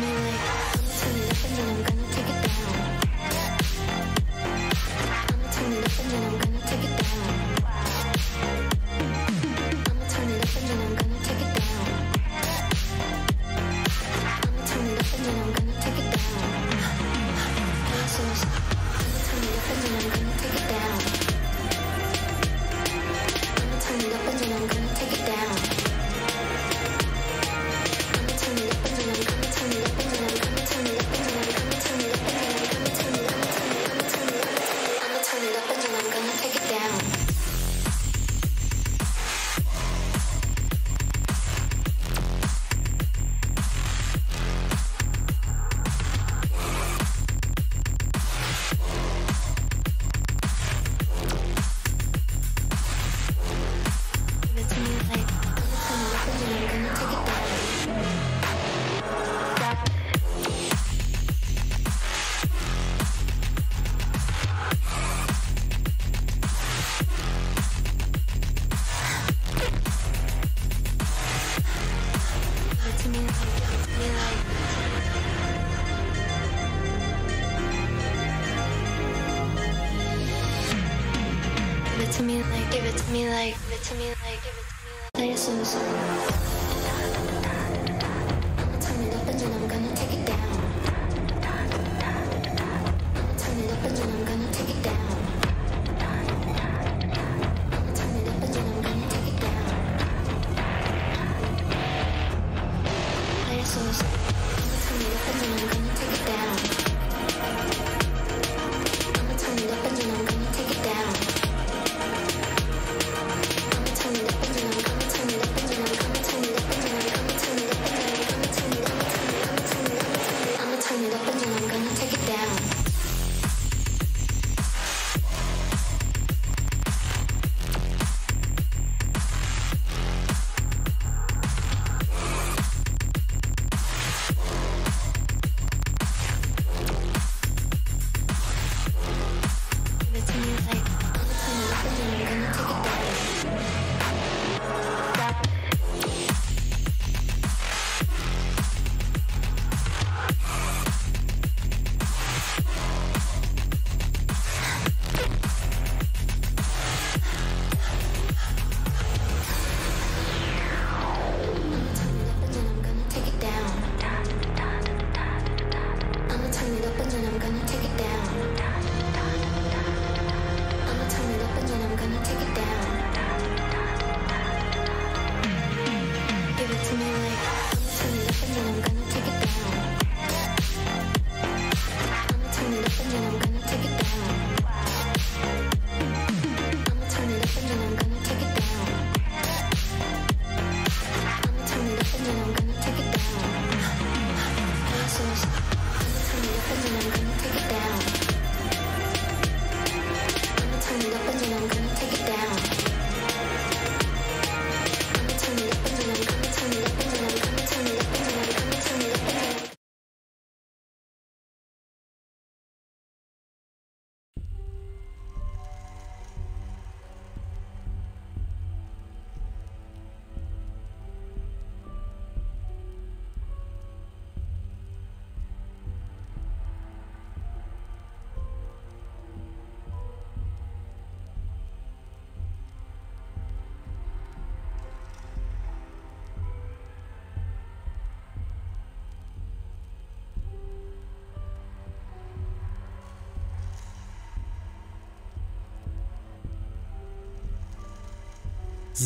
me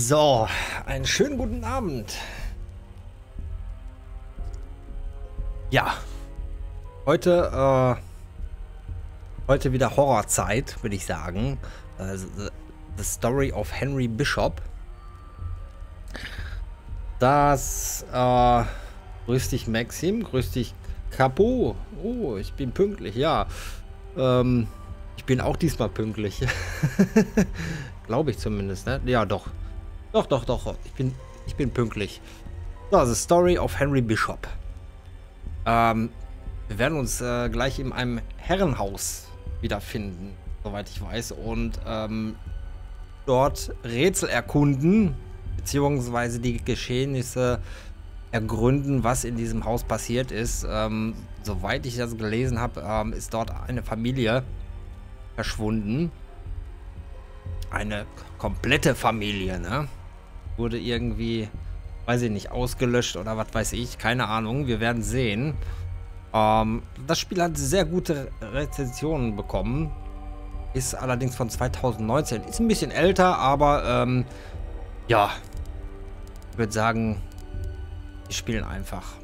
So, einen schönen guten Abend. Ja, heute, äh, heute wieder Horrorzeit, würde ich sagen. Uh, äh, the, the Story of Henry Bishop. Das, äh, grüß dich Maxim, grüß dich Capo. Oh, ich bin pünktlich, ja. Ähm, ich bin auch diesmal pünktlich. Glaube ich zumindest, ne? Ja, doch. Doch, doch, doch. Ich bin, ich bin pünktlich. So, The also Story of Henry Bishop. Ähm, wir werden uns äh, gleich in einem Herrenhaus wiederfinden, soweit ich weiß. Und ähm, dort Rätsel erkunden, beziehungsweise die Geschehnisse ergründen, was in diesem Haus passiert ist. Ähm, soweit ich das gelesen habe, ähm, ist dort eine Familie verschwunden. Eine komplette Familie, ne? wurde irgendwie, weiß ich nicht, ausgelöscht oder was weiß ich. Keine Ahnung, wir werden sehen. Ähm, das Spiel hat sehr gute Rezensionen bekommen. Ist allerdings von 2019. Ist ein bisschen älter, aber ähm, ja, ich würde sagen, wir spielen einfach.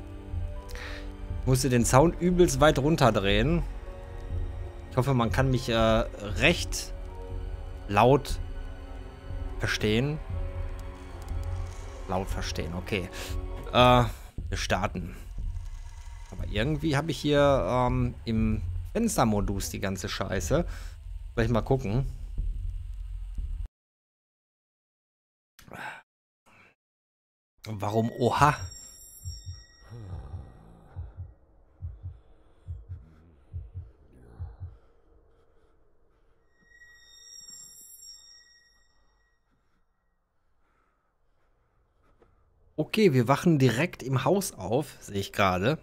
Ich musste den Sound übelst weit runterdrehen. Ich hoffe, man kann mich äh, recht laut verstehen. Laut verstehen, okay. Äh, wir starten. Aber irgendwie habe ich hier ähm, im Fenstermodus die ganze Scheiße. Vielleicht mal gucken. Warum oha? Okay, wir wachen direkt im Haus auf, sehe ich gerade.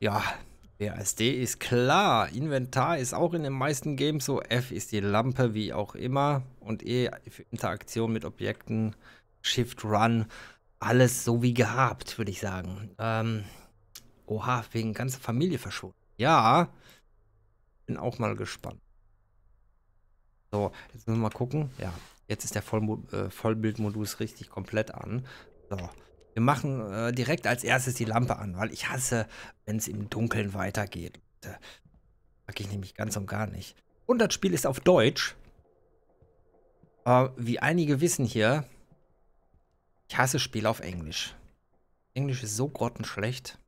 Ja, BASD ist klar. Inventar ist auch in den meisten Games so. F ist die Lampe, wie auch immer. Und E für Interaktion mit Objekten. Shift, Run. Alles so wie gehabt, würde ich sagen. Ähm, oha, wegen ganzer Familie verschwunden. Ja, bin auch mal gespannt. So, jetzt müssen wir mal gucken. Ja, Jetzt ist der Voll äh, Vollbildmodus richtig komplett an. So. Wir machen äh, direkt als erstes die Lampe an, weil ich hasse, wenn es im Dunkeln weitergeht. Und, äh, mag ich nämlich ganz und gar nicht. Und das Spiel ist auf Deutsch. Äh, wie einige wissen hier, ich hasse Spiele auf Englisch. Englisch ist so grottenschlecht.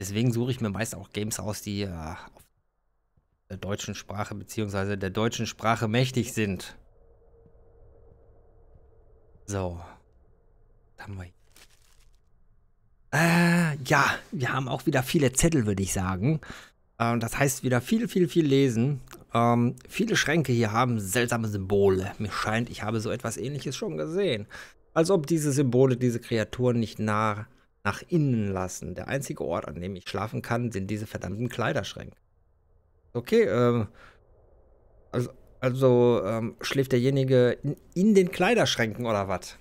Deswegen suche ich mir meist auch Games aus, die äh, auf der deutschen Sprache bzw. der deutschen Sprache mächtig sind. So. Was haben wir hier? Äh, ja, wir haben auch wieder viele Zettel, würde ich sagen. Ähm, das heißt wieder viel, viel, viel lesen. Ähm, viele Schränke hier haben seltsame Symbole. Mir scheint, ich habe so etwas ähnliches schon gesehen. Als ob diese Symbole diese Kreaturen nicht nah nach innen lassen. Der einzige Ort, an dem ich schlafen kann, sind diese verdammten Kleiderschränke. Okay, ähm, also, also ähm, schläft derjenige in, in, den Kleiderschränken oder was?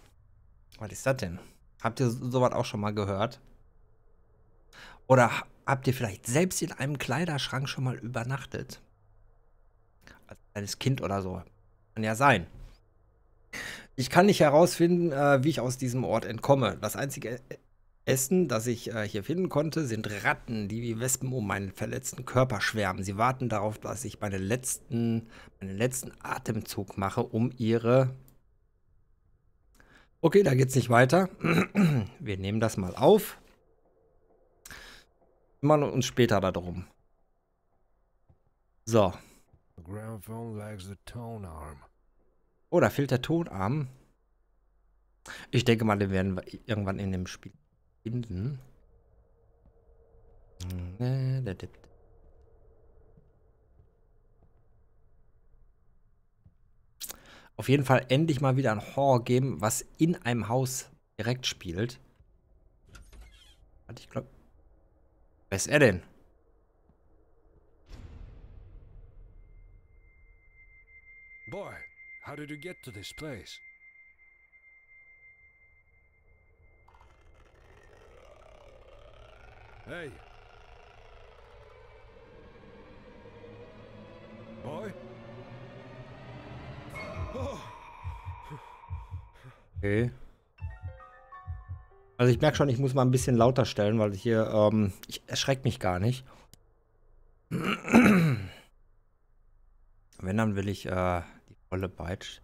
Was ist das denn? Habt ihr sowas auch schon mal gehört? Oder habt ihr vielleicht selbst in einem Kleiderschrank schon mal übernachtet? Als kleines Kind oder so. Kann ja sein. Ich kann nicht herausfinden, äh, wie ich aus diesem Ort entkomme. Das einzige äh, Essen, das ich äh, hier finden konnte, sind Ratten, die wie Wespen um meinen verletzten Körper schwärmen. Sie warten darauf, dass ich meine letzten, meinen letzten Atemzug mache, um ihre... Okay, da geht's nicht weiter. Wir nehmen das mal auf. Kümmern uns später darum. So. Oh, da fehlt der Tonarm. Ich denke mal, den werden wir irgendwann in dem Spiel Binsen. Auf jeden Fall endlich mal wieder ein Horror-Game, was in einem Haus direkt spielt. Warte, ich glaube. Wer ist er denn? Boy, how did you get to this place? Hey! Boy? Oh. Okay. Also ich merke schon, ich muss mal ein bisschen lauter stellen, weil hier, ähm, ich erschreckt mich gar nicht. Wenn, dann will ich äh, die volle Peitsch.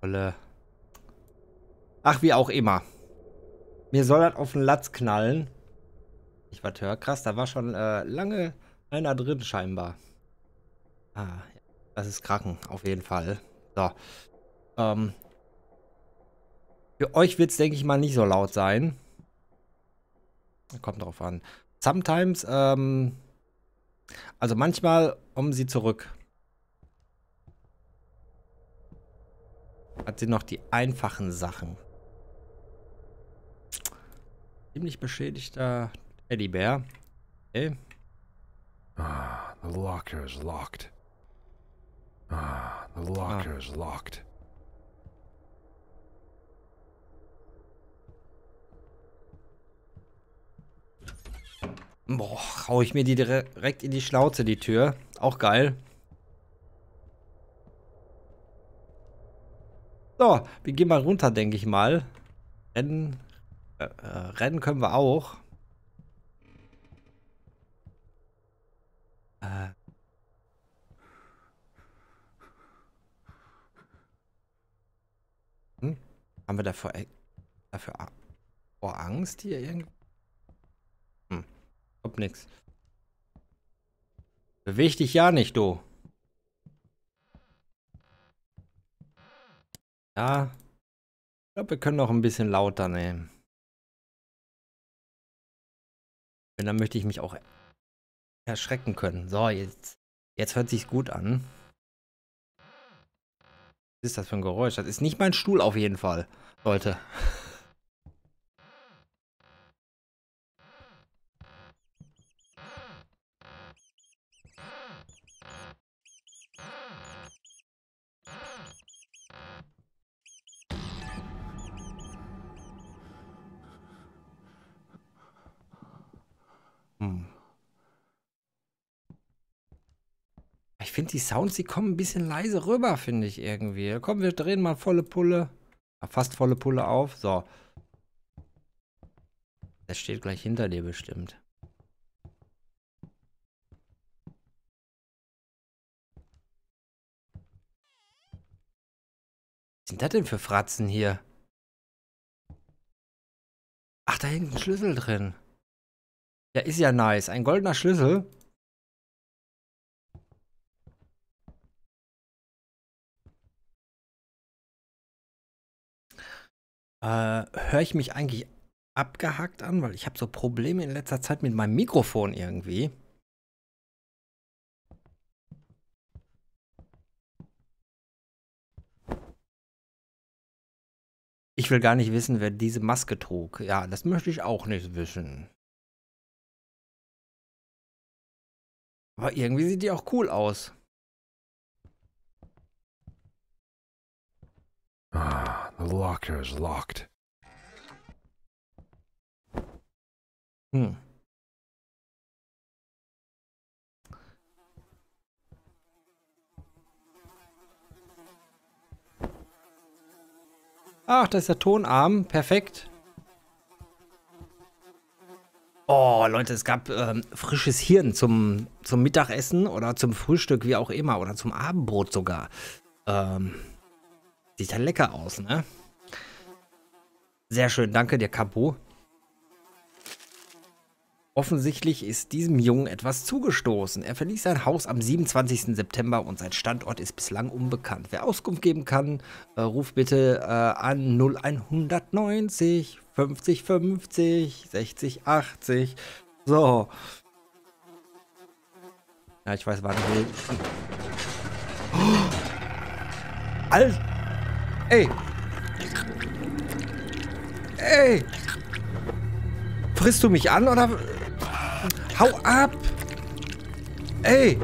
Volle. Ach, wie auch immer. Mir soll das auf den Latz knallen. Ich war höre. Krass, da war schon äh, lange einer drin scheinbar. Ah, das ist Kraken, auf jeden Fall. So. Ähm, für euch wird es, denke ich mal, nicht so laut sein. Kommt drauf an. Sometimes, ähm, also manchmal kommen sie zurück. Hat sie noch die einfachen Sachen. Ziemlich beschädigter Teddybär. Okay. Ah, the locker is locked. Ah, the locker ah. is locked. Boah, hau ich mir die direkt in die Schnauze, die Tür. Auch geil. So, wir gehen mal runter, denke ich mal. Rennen, äh, äh rennen können wir auch. Äh. Hm? Haben wir davor, äh, dafür vor oh, Angst hier irgendwie? Hm. Ob nix. Beweg dich ja nicht, du. Ja. Ich glaube, wir können noch ein bisschen lauter nehmen. Und dann möchte ich mich auch erschrecken können. So, jetzt, jetzt hört sich's gut an. Was ist das für ein Geräusch? Das ist nicht mein Stuhl auf jeden Fall, Leute. Hm. finde die Sounds, die kommen ein bisschen leise rüber, finde ich irgendwie. Komm, wir drehen mal volle Pulle. Fast volle Pulle auf. So. Das steht gleich hinter dir bestimmt. Was sind das denn für Fratzen hier? Ach, da hängt ein Schlüssel drin. Ja, ist ja nice. Ein goldener Schlüssel. äh, höre ich mich eigentlich abgehackt an, weil ich habe so Probleme in letzter Zeit mit meinem Mikrofon irgendwie. Ich will gar nicht wissen, wer diese Maske trug. Ja, das möchte ich auch nicht wissen. Aber irgendwie sieht die auch cool aus. Ah. The locker is locked. Hm. Ach, da ist der Tonarm. Perfekt. Oh, Leute, es gab ähm, frisches Hirn zum, zum Mittagessen oder zum Frühstück, wie auch immer, oder zum Abendbrot sogar. Ähm, Sieht ja lecker aus, ne? Sehr schön, danke dir, Capo. Offensichtlich ist diesem Jungen etwas zugestoßen. Er verließ sein Haus am 27. September und sein Standort ist bislang unbekannt. Wer Auskunft geben kann, äh, ruft bitte äh, an 0190 50 50 60 80. So. Ja, ich weiß, wann will. Oh! Alter! Ey! Ey! Frisst du mich an oder... Hau ab! Ey!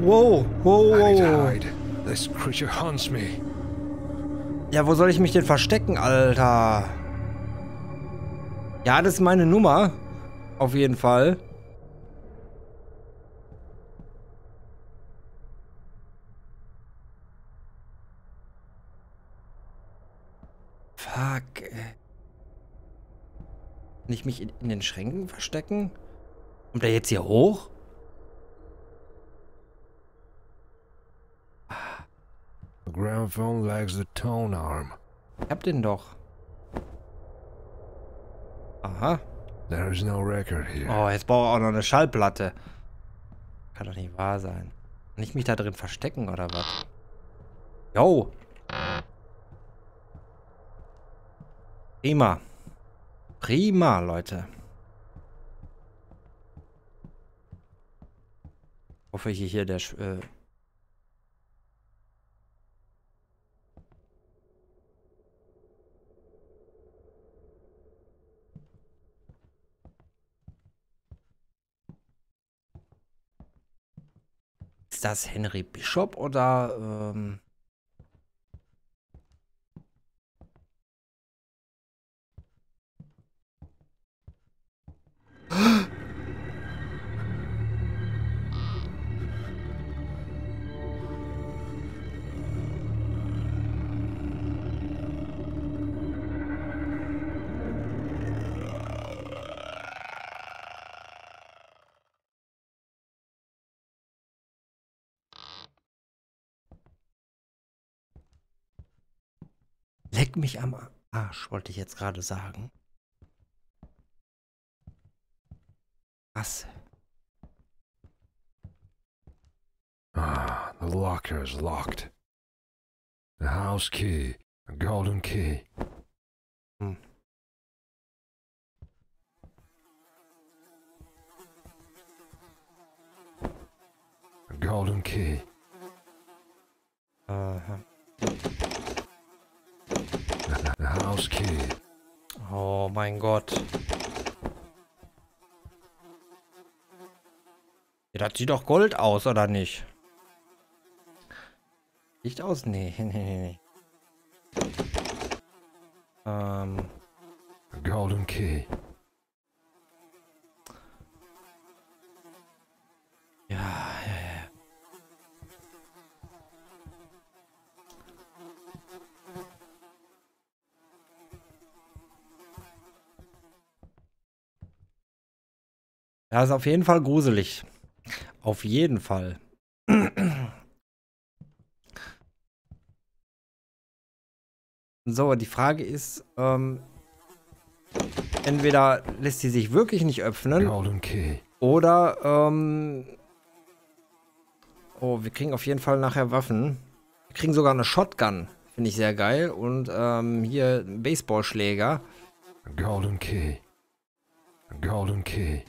Wow, wow, wow. This creature haunts me. Ja, wo soll ich mich denn verstecken, Alter? Ja, das ist meine Nummer. Auf jeden Fall. Fuck. Äh. Kann ich mich in, in den Schränken verstecken? Kommt er jetzt hier hoch? The gramophone lacks the tone arm. Ich hab den doch. Aha. There is no record here. Oh, jetzt brauche ich auch noch eine Schallplatte. Kann doch nicht wahr sein. Kann ich mich da drin verstecken oder was? Yo! Prima. Prima, Leute. Hoffe ich hier der... Sch äh Ist das Henry Bishop oder... Ähm Leck mich am Arsch, wollte ich jetzt gerade sagen. Asse. Ah, the locker is locked. The house key, a golden key. Hmm. A golden key. Uh-huh. The, house key. Oh mein Gott. Ja, das sieht doch Gold aus, oder nicht? Licht aus? Nee, nee, nee, nee. Ähm. Golden Key. Ja, ja, ja. Das ist auf jeden Fall gruselig. Auf jeden Fall. So, die Frage ist, ähm, entweder lässt sie sich wirklich nicht öffnen oder, ähm, oh, wir kriegen auf jeden Fall nachher Waffen. Wir kriegen sogar eine Shotgun, finde ich sehr geil und ähm, hier einen Baseballschläger. Golden Key. Golden Key.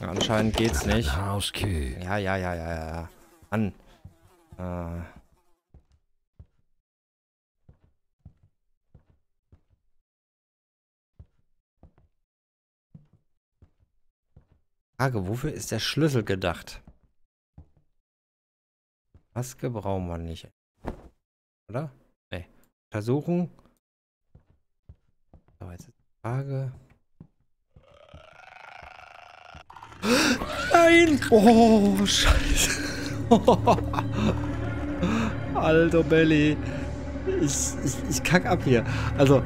Ja, anscheinend geht's nicht. Ja, ja, ja, ja, ja. An. Äh. Frage, wofür ist der Schlüssel gedacht? Maske brauchen wir nicht. Oder? Nee. Untersuchung. So, jetzt ist die Frage. Nein! Oh, scheiße. Alter Belly. Ich, ich, ich kack ab hier. Also.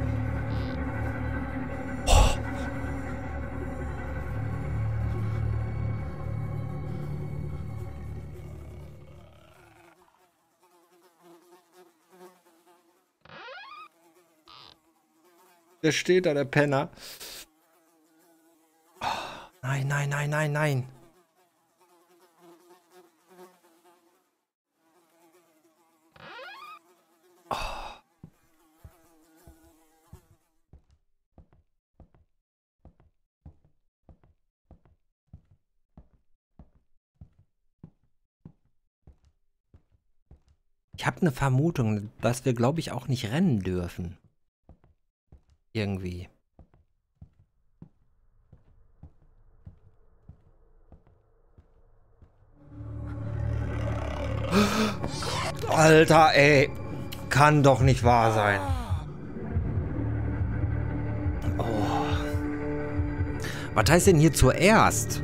Der steht da, der Penner. Nein, nein, nein, nein, nein. Oh. Ich habe eine Vermutung, dass wir, glaube ich, auch nicht rennen dürfen. Irgendwie. Alter, ey. Kann doch nicht wahr sein. Oh. Was heißt denn hier zuerst?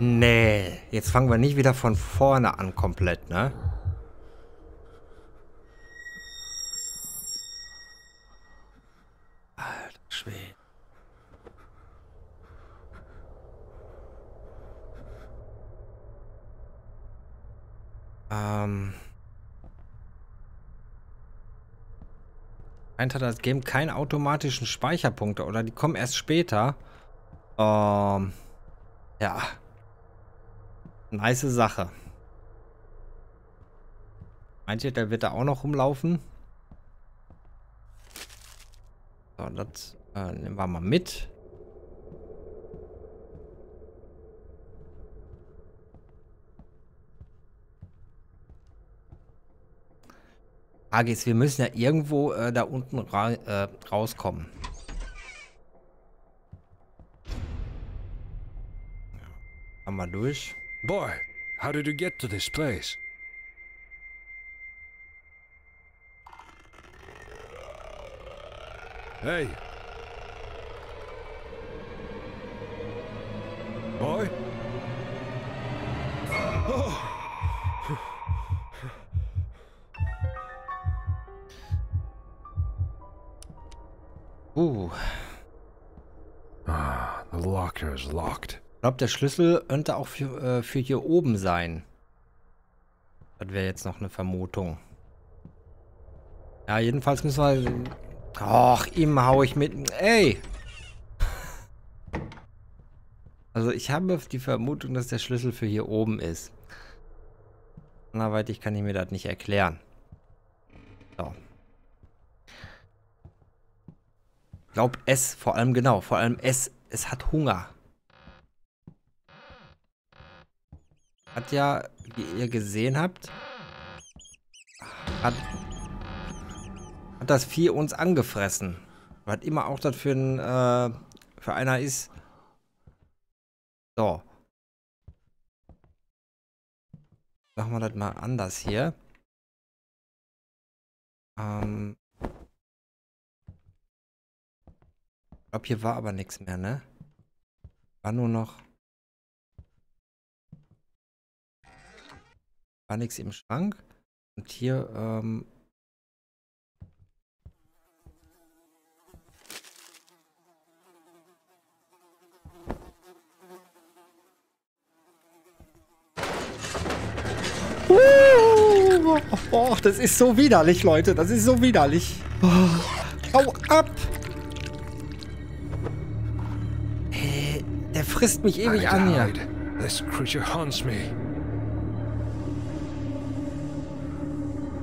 Nee, jetzt fangen wir nicht wieder von vorne an komplett, ne? Ähm. Eint hat das Game keine automatischen Speicherpunkte oder? Die kommen erst später. Ähm. Ja. Nice Sache. Meint ihr, der wird da auch noch rumlaufen? So, das äh, nehmen wir mal mit. Frage wir müssen ja irgendwo äh, da unten ra äh, rauskommen. Ja. durch. Boy, how did you get to this place? Hey. Boy? Uh. Ah, the locker is locked. Ich glaube, der Schlüssel könnte auch für, äh, für hier oben sein. Das wäre jetzt noch eine Vermutung. Ja, jedenfalls müssen wir... Och, ihm hau ich mit... Ey! Also ich habe die Vermutung, dass der Schlüssel für hier oben ist. Anderweitig kann ich mir das nicht erklären. So. Glaubt es, vor allem genau, vor allem es, es hat Hunger. Hat ja, wie ihr gesehen habt, hat, hat das Vieh uns angefressen. Was immer auch das für, ein, äh, für einer ist. So. Machen wir das mal anders hier. Ähm, Ich glaube, hier war aber nichts mehr, ne? War nur noch... War nichts im Schrank. Und hier, ähm... Uh, oh, das ist so widerlich, Leute. Das ist so widerlich. Oh, hau ab! Der frisst mich ewig an hier. This creature haunts me.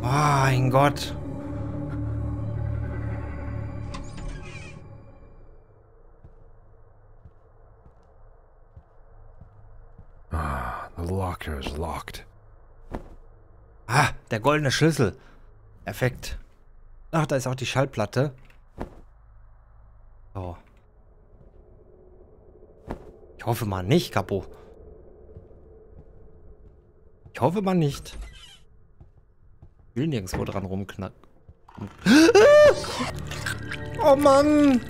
Oh, mein Gott. Ah, the locker is locked. Ah, der goldene Schlüssel. Perfekt. Ach, da ist auch die Schallplatte. So. Ich hoffe mal nicht, Capo. Ich hoffe mal nicht. Ich will nirgendwo dran rumknacken. Oh Mann!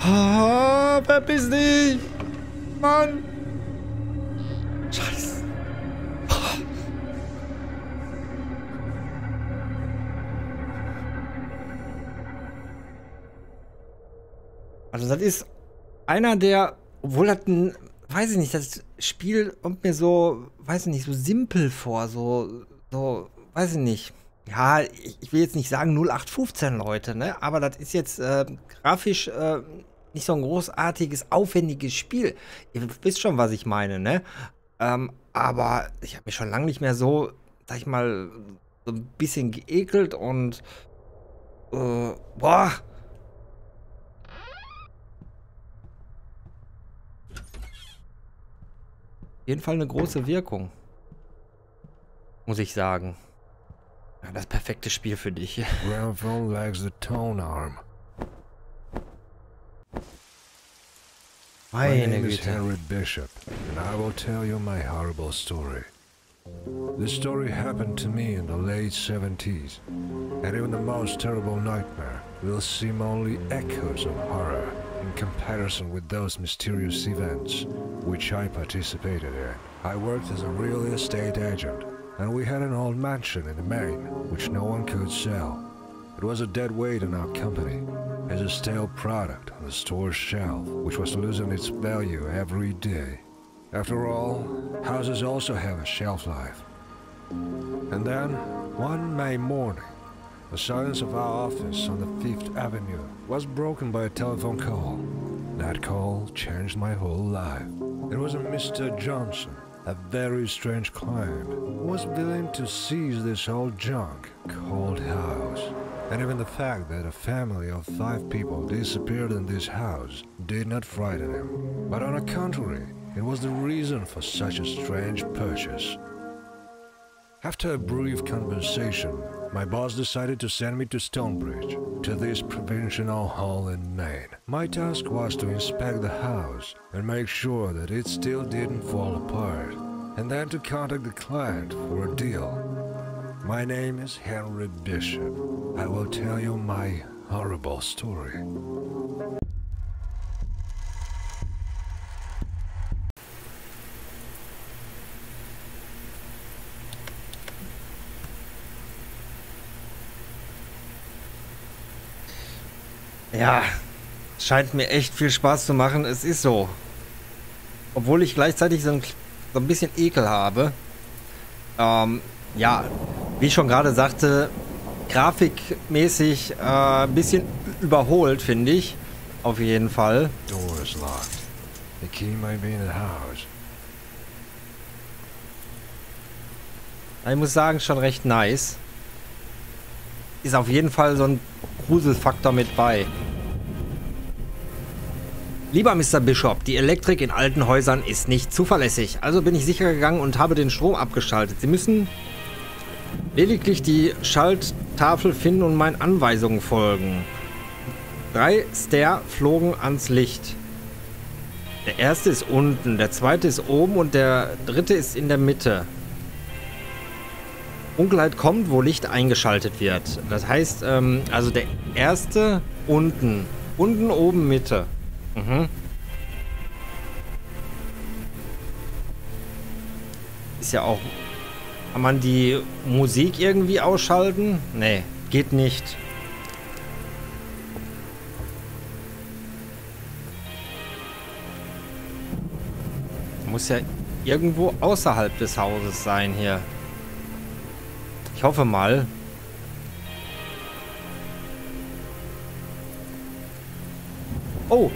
Ah, verpiss dich! Mann! Scheiße! Also das ist einer der, obwohl das ein, weiß ich nicht, das Spiel kommt mir so, weiß ich nicht, so simpel vor, so, so, weiß ich nicht. Ja, ich, ich will jetzt nicht sagen 0815 Leute, ne? Aber das ist jetzt äh, grafisch äh, nicht so ein großartiges, aufwendiges Spiel. Ihr wisst schon, was ich meine, ne? Ähm, aber ich habe mich schon lange nicht mehr so, sag ich mal, so ein bisschen geekelt und äh, boah, jeden Fall eine große Wirkung. Muss ich sagen. Ja, das perfekte Spiel für dich. Gramphone likes the tone arm. Meine Güte. Herod Bishop, und ich werde dir meine my horrible story. This story happened to me in the late 70s, and even the most terrible nightmare will seem only echoes of horror. in comparison with those mysterious events which I participated in. I worked as a real estate agent, and we had an old mansion in Maine which no one could sell. It was a dead weight in our company, as a stale product on the store's shelf, which was losing its value every day. After all, houses also have a shelf life. And then, one May morning, the silence of our office on the Fifth Avenue was broken by a telephone call. That call changed my whole life. It was a Mr. Johnson, a very strange client, who was willing to seize this old junk called house. And even the fact that a family of five people disappeared in this house did not frighten him. But on the contrary, it was the reason for such a strange purchase. After a brief conversation, my boss decided to send me to Stonebridge, to this provincial hall in Maine. My task was to inspect the house and make sure that it still didn't fall apart, and then to contact the client for a deal. My name is Henry Bishop. I will tell you my horrible story. Ja, scheint mir echt viel Spaß zu machen. Es ist so. Obwohl ich gleichzeitig so ein, so ein bisschen Ekel habe. Ähm, ja, wie ich schon gerade sagte, grafikmäßig äh, ein bisschen überholt, finde ich. Auf jeden Fall. Door is locked. The key may be in the house. Ich muss sagen, schon recht nice ist auf jeden Fall so ein Gruselfaktor mit bei. Lieber Mr. Bishop, die Elektrik in alten Häusern ist nicht zuverlässig. Also bin ich sicher gegangen und habe den Strom abgeschaltet. Sie müssen lediglich die Schalttafel finden und meinen Anweisungen folgen. Drei Stair flogen ans Licht. Der erste ist unten, der zweite ist oben und der dritte ist in der Mitte. Dunkelheit kommt, wo Licht eingeschaltet wird. Das heißt, ähm, also der erste unten. Unten, oben, Mitte. Mhm. Ist ja auch... Kann man die Musik irgendwie ausschalten? Nee, geht nicht. Muss ja irgendwo außerhalb des Hauses sein hier hoffe mal. Oh.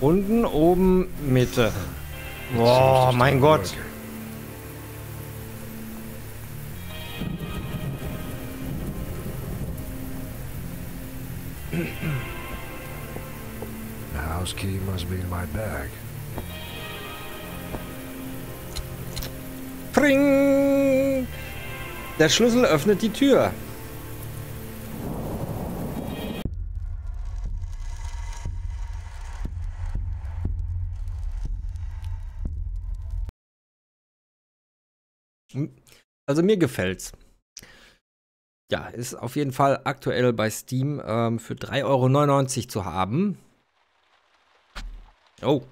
Unten, oben, Mitte. Boah, mein Gott. The house must be in my bag. Pring! Der Schlüssel öffnet die Tür. Also mir gefällt's. Ja, ist auf jeden Fall aktuell bei Steam ähm, für 3,99 Euro zu haben. Oh,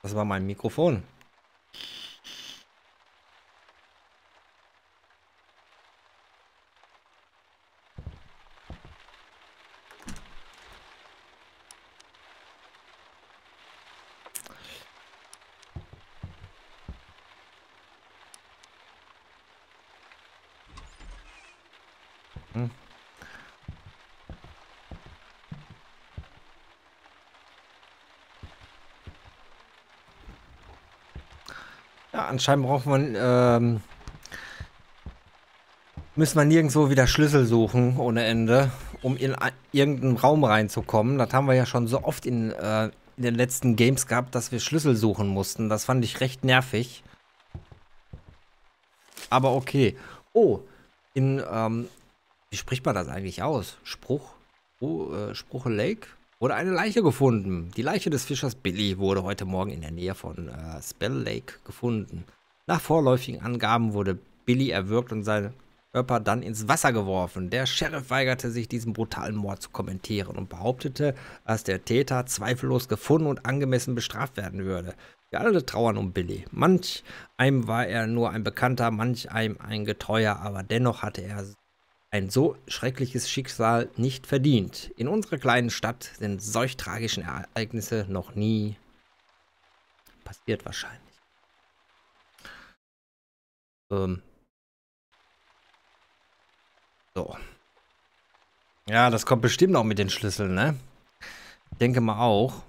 das war mein Mikrofon. anscheinend braucht man, ähm, müssen wir nirgendwo wieder Schlüssel suchen ohne Ende, um in irgendeinen Raum reinzukommen. Das haben wir ja schon so oft in, äh, in den letzten Games gehabt, dass wir Schlüssel suchen mussten. Das fand ich recht nervig. Aber okay. Oh, in, ähm, wie spricht man das eigentlich aus? Spruch? Oh, äh, Spruche Lake? wurde eine Leiche gefunden. Die Leiche des Fischers Billy wurde heute Morgen in der Nähe von äh, Spell Lake gefunden. Nach vorläufigen Angaben wurde Billy erwürgt und sein Körper dann ins Wasser geworfen. Der Sheriff weigerte sich, diesen brutalen Mord zu kommentieren und behauptete, dass der Täter zweifellos gefunden und angemessen bestraft werden würde. Wir alle trauern um Billy. Manch einem war er nur ein Bekannter, manch einem ein Getreuer, aber dennoch hatte er ein so schreckliches Schicksal nicht verdient. In unserer kleinen Stadt sind solch tragischen Ereignisse noch nie passiert wahrscheinlich. Ähm. So. Ja, das kommt bestimmt auch mit den Schlüsseln, ne? Ich denke mal auch.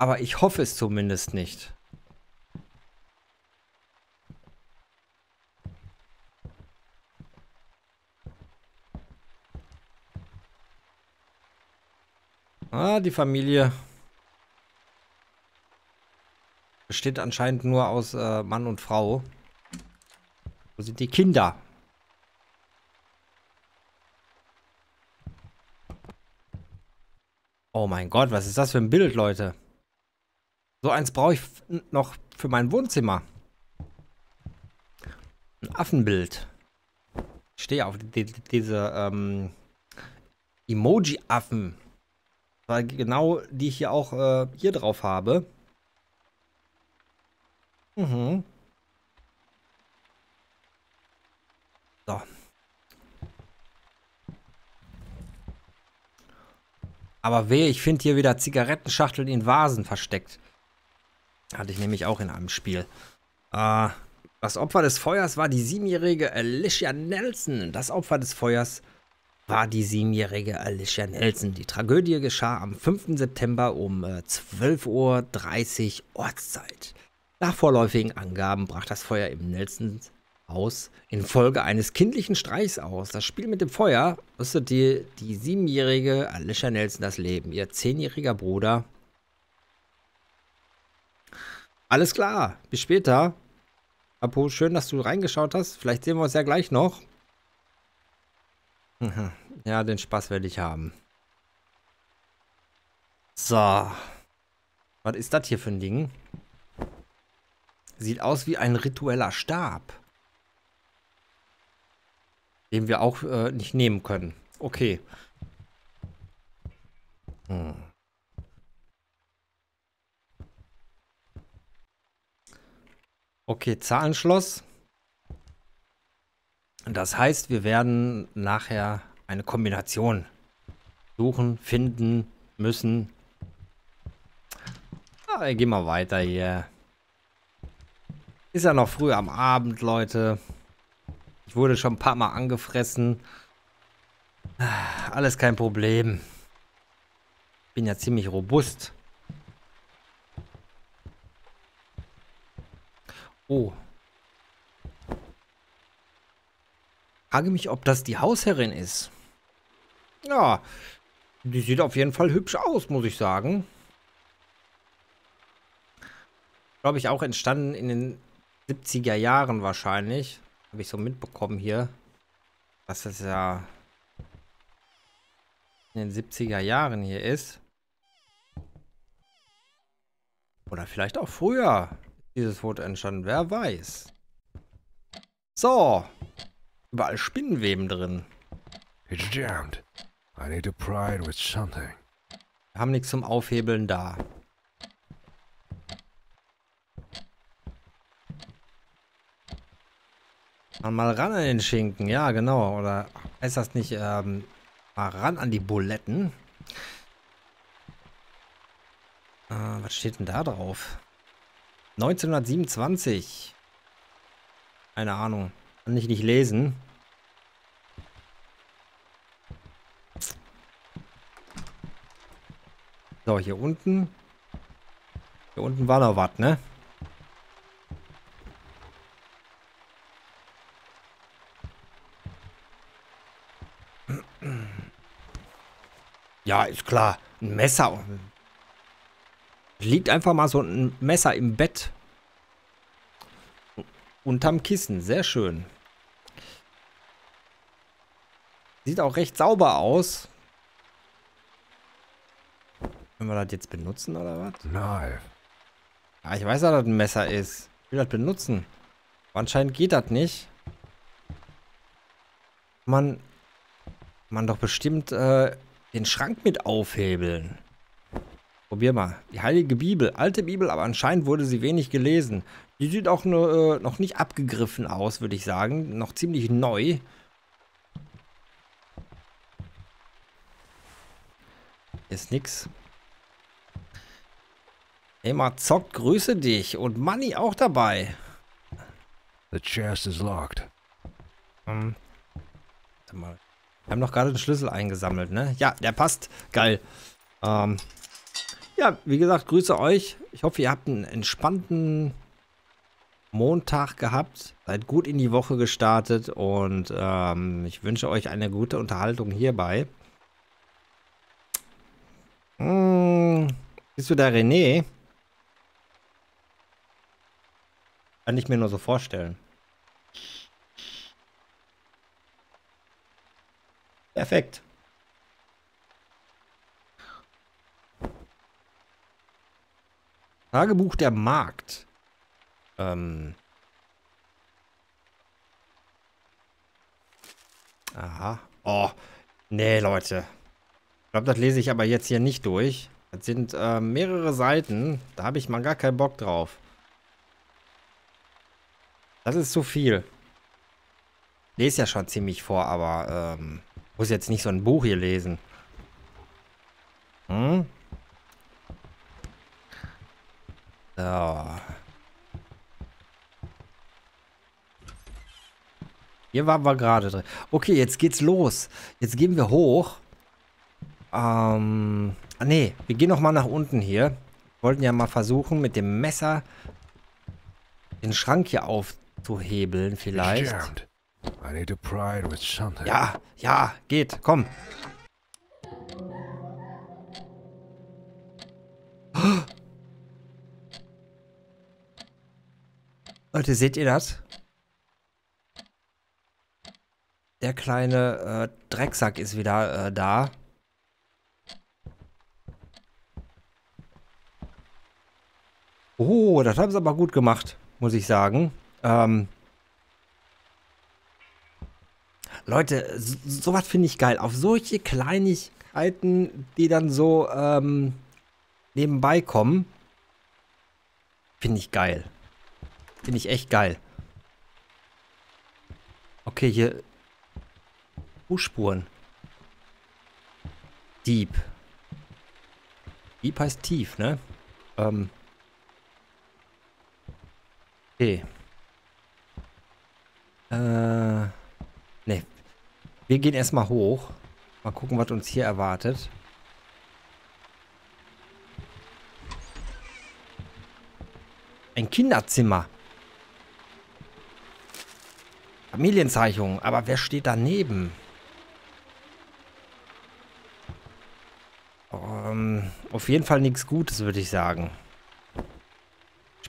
Aber ich hoffe es zumindest nicht. Ah, die Familie besteht anscheinend nur aus äh, Mann und Frau. Wo sind die Kinder? Oh mein Gott, was ist das für ein Bild, Leute? So eins brauche ich noch für mein Wohnzimmer. Ein Affenbild. Ich stehe auf die, die, diese ähm, Emoji-Affen. Weil genau die ich hier auch äh, hier drauf habe. Mhm. So. Aber weh, ich finde hier wieder Zigarettenschachteln in Vasen versteckt. Hatte ich nämlich auch in einem Spiel. Äh, das Opfer des Feuers war die siebenjährige Alicia Nelson. Das Opfer des Feuers war war die siebenjährige Alicia Nelson. Die Tragödie geschah am 5. September um 12.30 äh, Uhr Ortszeit. Nach vorläufigen Angaben brach das Feuer im Nelsons Haus infolge eines kindlichen Streichs aus. Das Spiel mit dem Feuer kostete die, die siebenjährige Alicia Nelson das Leben. Ihr zehnjähriger Bruder. Alles klar, bis später. Apo, schön, dass du reingeschaut hast. Vielleicht sehen wir uns ja gleich noch. Mhm. Ja, den Spaß werde ich haben. So. Was ist das hier für ein Ding? Sieht aus wie ein ritueller Stab. Den wir auch äh, nicht nehmen können. Okay. Hm. Okay, Zahlenschloss. Das heißt, wir werden nachher eine Kombination suchen, finden müssen. Aber gehen wir weiter hier. Ist ja noch früh am Abend, Leute. Ich wurde schon ein paar Mal angefressen. Ah, alles kein Problem. Bin ja ziemlich robust. Oh, Frage mich, ob das die Hausherrin ist. Ja, die sieht auf jeden Fall hübsch aus, muss ich sagen. Glaube ich auch entstanden in den 70er Jahren wahrscheinlich. Habe ich so mitbekommen hier. Dass das ja in den 70er Jahren hier ist. Oder vielleicht auch früher dieses Foto entstanden. Wer weiß. So überall Spinnenweben drin. It's jammed. I need to pry it with something. Wir haben nichts zum Aufhebeln da. Mal ran an den Schinken, ja genau. Oder heißt das nicht, ähm, mal ran an die Buletten? Äh, was steht denn da drauf? 1927. Keine Ahnung. Kann ich nicht lesen. So, hier unten. Hier unten war noch was, ne? Ja, ist klar. Ein Messer. Liegt einfach mal so ein Messer im Bett. Unterm Kissen. Sehr schön. Sieht auch recht sauber aus. Können wir das jetzt benutzen oder was? Nein. Ja, ich weiß ja, dass das ein Messer ist. Ich will das benutzen. Aber anscheinend geht das nicht. Man. Man doch bestimmt äh, den Schrank mit aufhebeln. Probier mal. Die Heilige Bibel. Alte Bibel, aber anscheinend wurde sie wenig gelesen. Die sieht auch nur, äh, noch nicht abgegriffen aus, würde ich sagen. Noch ziemlich neu. ist nix. Emma zockt, grüße dich. Und Manny auch dabei. The chest is locked. Hm. Warte mal. Wir haben noch gerade den Schlüssel eingesammelt, ne? Ja, der passt. Geil. Ähm, ja, wie gesagt, grüße euch. Ich hoffe, ihr habt einen entspannten Montag gehabt. Seid gut in die Woche gestartet. Und ähm, ich wünsche euch eine gute Unterhaltung hierbei. Hm, bist du da René? Kann ich mir nur so vorstellen. Perfekt. Tagebuch der Markt. Ähm. Aha. Oh. Nee, Leute. Ich glaube, das lese ich aber jetzt hier nicht durch. Das sind äh, mehrere Seiten. Da habe ich mal gar keinen Bock drauf. Das ist zu viel. Lese ja schon ziemlich vor, aber ähm, muss jetzt nicht so ein Buch hier lesen. Hm? So. Hier waren wir gerade drin. Okay, jetzt geht's los. Jetzt gehen wir hoch. Ähm, ah nee, wir gehen nochmal nach unten hier. Wollten ja mal versuchen, mit dem Messer den Schrank hier aufzuhebeln vielleicht. Ja, ja, geht, komm. Leute, seht ihr das? Der kleine äh, Drecksack ist wieder äh, da. Oh, das haben sie aber gut gemacht, muss ich sagen. Ähm, Leute, sowas finde ich geil. Auf solche Kleinigkeiten, die dann so ähm, nebenbei kommen, finde ich geil. Finde ich echt geil. Okay, hier Fußspuren. Dieb. Dieb heißt tief, ne? Ähm. Okay. Äh. Ne. Wir gehen erstmal hoch. Mal gucken, was uns hier erwartet. Ein Kinderzimmer. Familienzeichnung. Aber wer steht daneben? Um, ähm, auf jeden Fall nichts Gutes, würde ich sagen.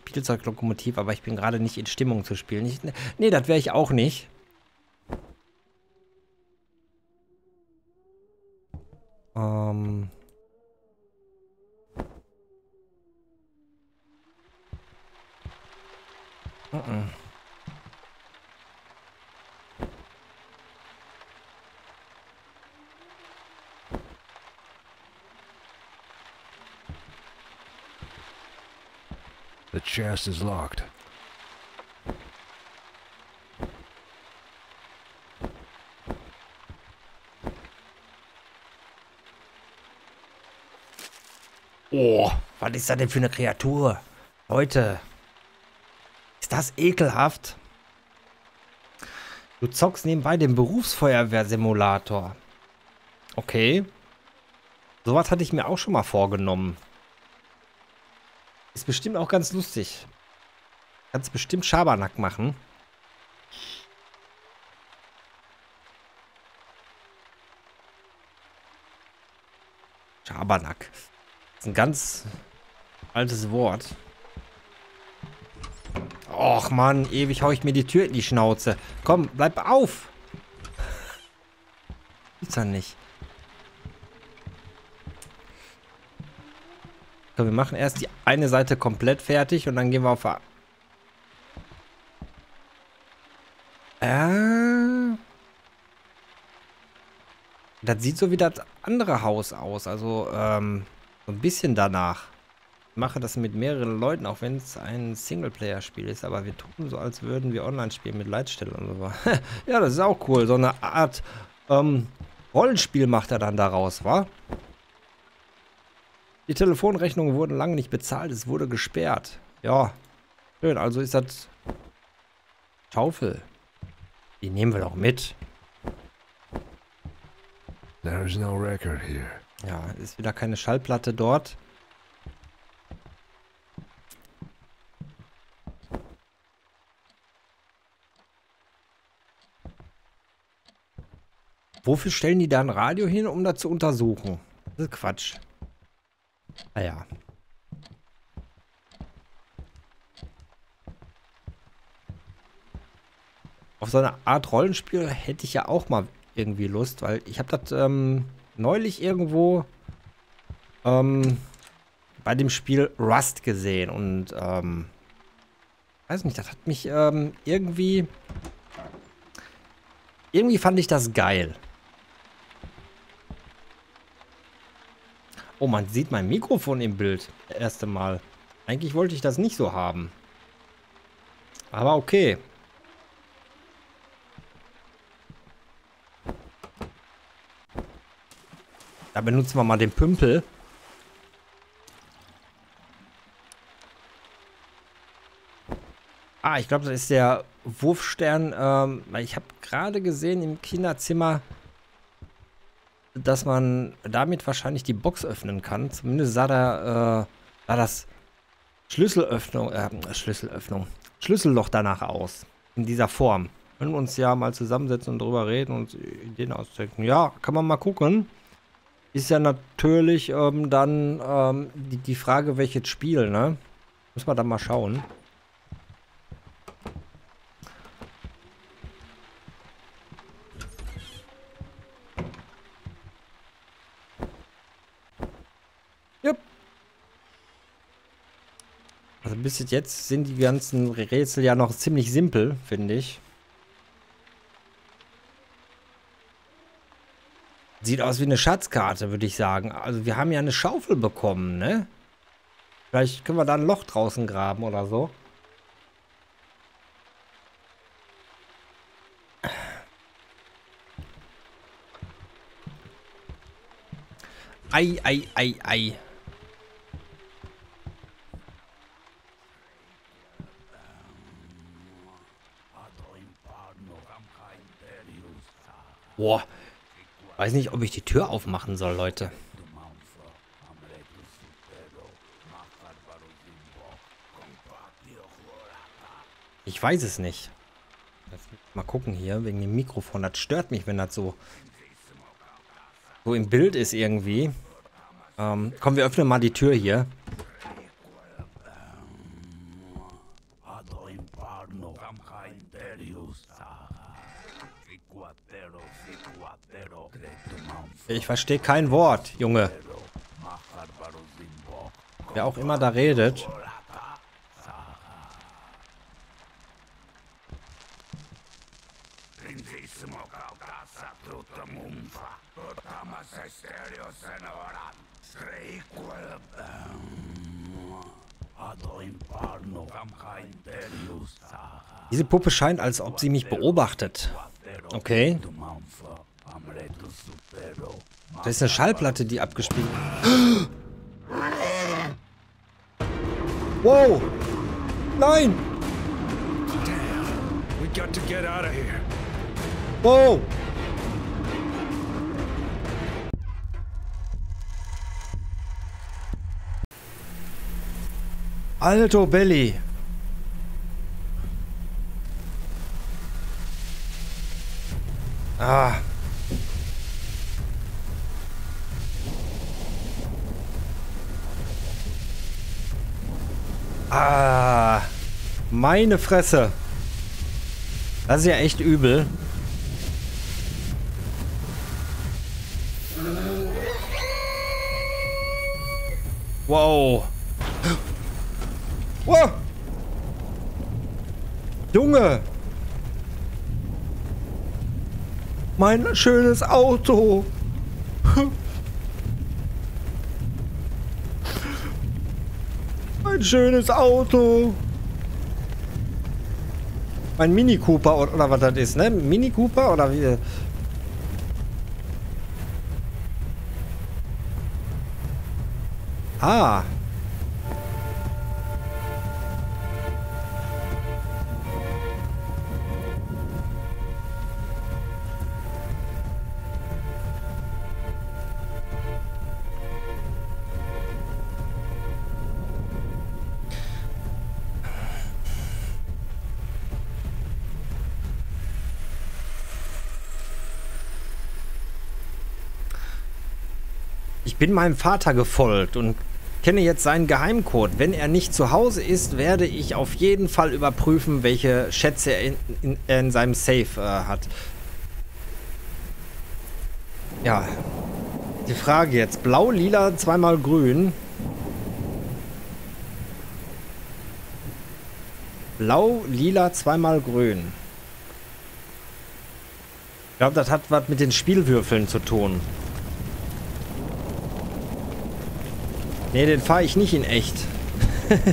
Spielzeuglokomotiv, aber ich bin gerade nicht in Stimmung zu spielen. Ich, ne, nee, das wäre ich auch nicht. chest is locked. Oh, was ist das denn für eine Kreatur? Leute, ist das ekelhaft? Du zockst nebenbei den Berufsfeuerwehrsimulator. Okay. Sowas hatte ich mir auch schon mal vorgenommen bestimmt auch ganz lustig. Kannst bestimmt Schabernack machen. Schabernack. Das ist ein ganz altes Wort. Och Mann, ewig hau ich mir die Tür in die Schnauze. Komm, bleib auf! Ist ja nicht. So, wir machen erst die eine Seite komplett fertig und dann gehen wir auf... A äh, das sieht so wie das andere Haus aus. Also, ähm, so ein bisschen danach. Ich mache das mit mehreren Leuten, auch wenn es ein Singleplayer-Spiel ist. Aber wir tun so, als würden wir online spielen mit Leitstelle und so. ja, das ist auch cool. So eine Art, ähm, Rollenspiel macht er dann daraus, wa? Die Telefonrechnungen wurden lange nicht bezahlt, es wurde gesperrt. Ja, schön, also ist das Schaufel. Die nehmen wir doch mit. There is no record here. Ja, ist wieder keine Schallplatte dort. Wofür stellen die da ein Radio hin, um das zu untersuchen? Das ist Quatsch. Ah ja. Auf so eine Art Rollenspiel hätte ich ja auch mal irgendwie Lust, weil ich habe das ähm, neulich irgendwo ähm, bei dem Spiel Rust gesehen und ähm, weiß nicht, das hat mich ähm, irgendwie irgendwie fand ich das geil. Oh, man sieht mein Mikrofon im Bild. Das erste Mal. Eigentlich wollte ich das nicht so haben. Aber okay. Da benutzen wir mal den Pümpel. Ah, ich glaube, das ist der Wurfstern. Ähm, ich habe gerade gesehen im Kinderzimmer dass man damit wahrscheinlich die Box öffnen kann. Zumindest sah da, äh, sah das Schlüsselöffnung, äh, Schlüsselöffnung, Schlüsselloch danach aus. In dieser Form. Können wir uns ja mal zusammensetzen und drüber reden und Ideen ausdenken. Ja, kann man mal gucken. Ist ja natürlich ähm, dann ähm, die, die Frage, welches Spiel, ne? Muss man dann mal schauen. bis jetzt sind die ganzen Rätsel ja noch ziemlich simpel, finde ich. Sieht aus wie eine Schatzkarte, würde ich sagen. Also wir haben ja eine Schaufel bekommen, ne? Vielleicht können wir da ein Loch draußen graben oder so. Ei, ei, ei, ei. Boah. Weiß nicht, ob ich die Tür aufmachen soll, Leute. Ich weiß es nicht. Mal gucken hier, wegen dem Mikrofon. Das stört mich, wenn das so, so im Bild ist irgendwie. Ähm, komm, wir öffnen mal die Tür hier. Ich verstehe kein Wort, Junge. Wer auch immer da redet. Diese Puppe scheint, als ob sie mich beobachtet. Okay. Da ist eine Schallplatte, die abgespielt. Wow! Nein! Wow! Alto Belly. Ah. Ah, meine Fresse. Das ist ja echt übel. Wow. Wow. Junge. Mein schönes Auto. Ein schönes Auto. Ein Mini Cooper oder, oder was das ist, ne? Mini Cooper oder wie? Ah. bin meinem Vater gefolgt und kenne jetzt seinen Geheimcode. Wenn er nicht zu Hause ist, werde ich auf jeden Fall überprüfen, welche Schätze er in, in, er in seinem Safe äh, hat. Ja. Die Frage jetzt. Blau, lila, zweimal grün. Blau, lila, zweimal grün. Ich glaube, das hat was mit den Spielwürfeln zu tun. Ne, den fahre ich nicht in echt.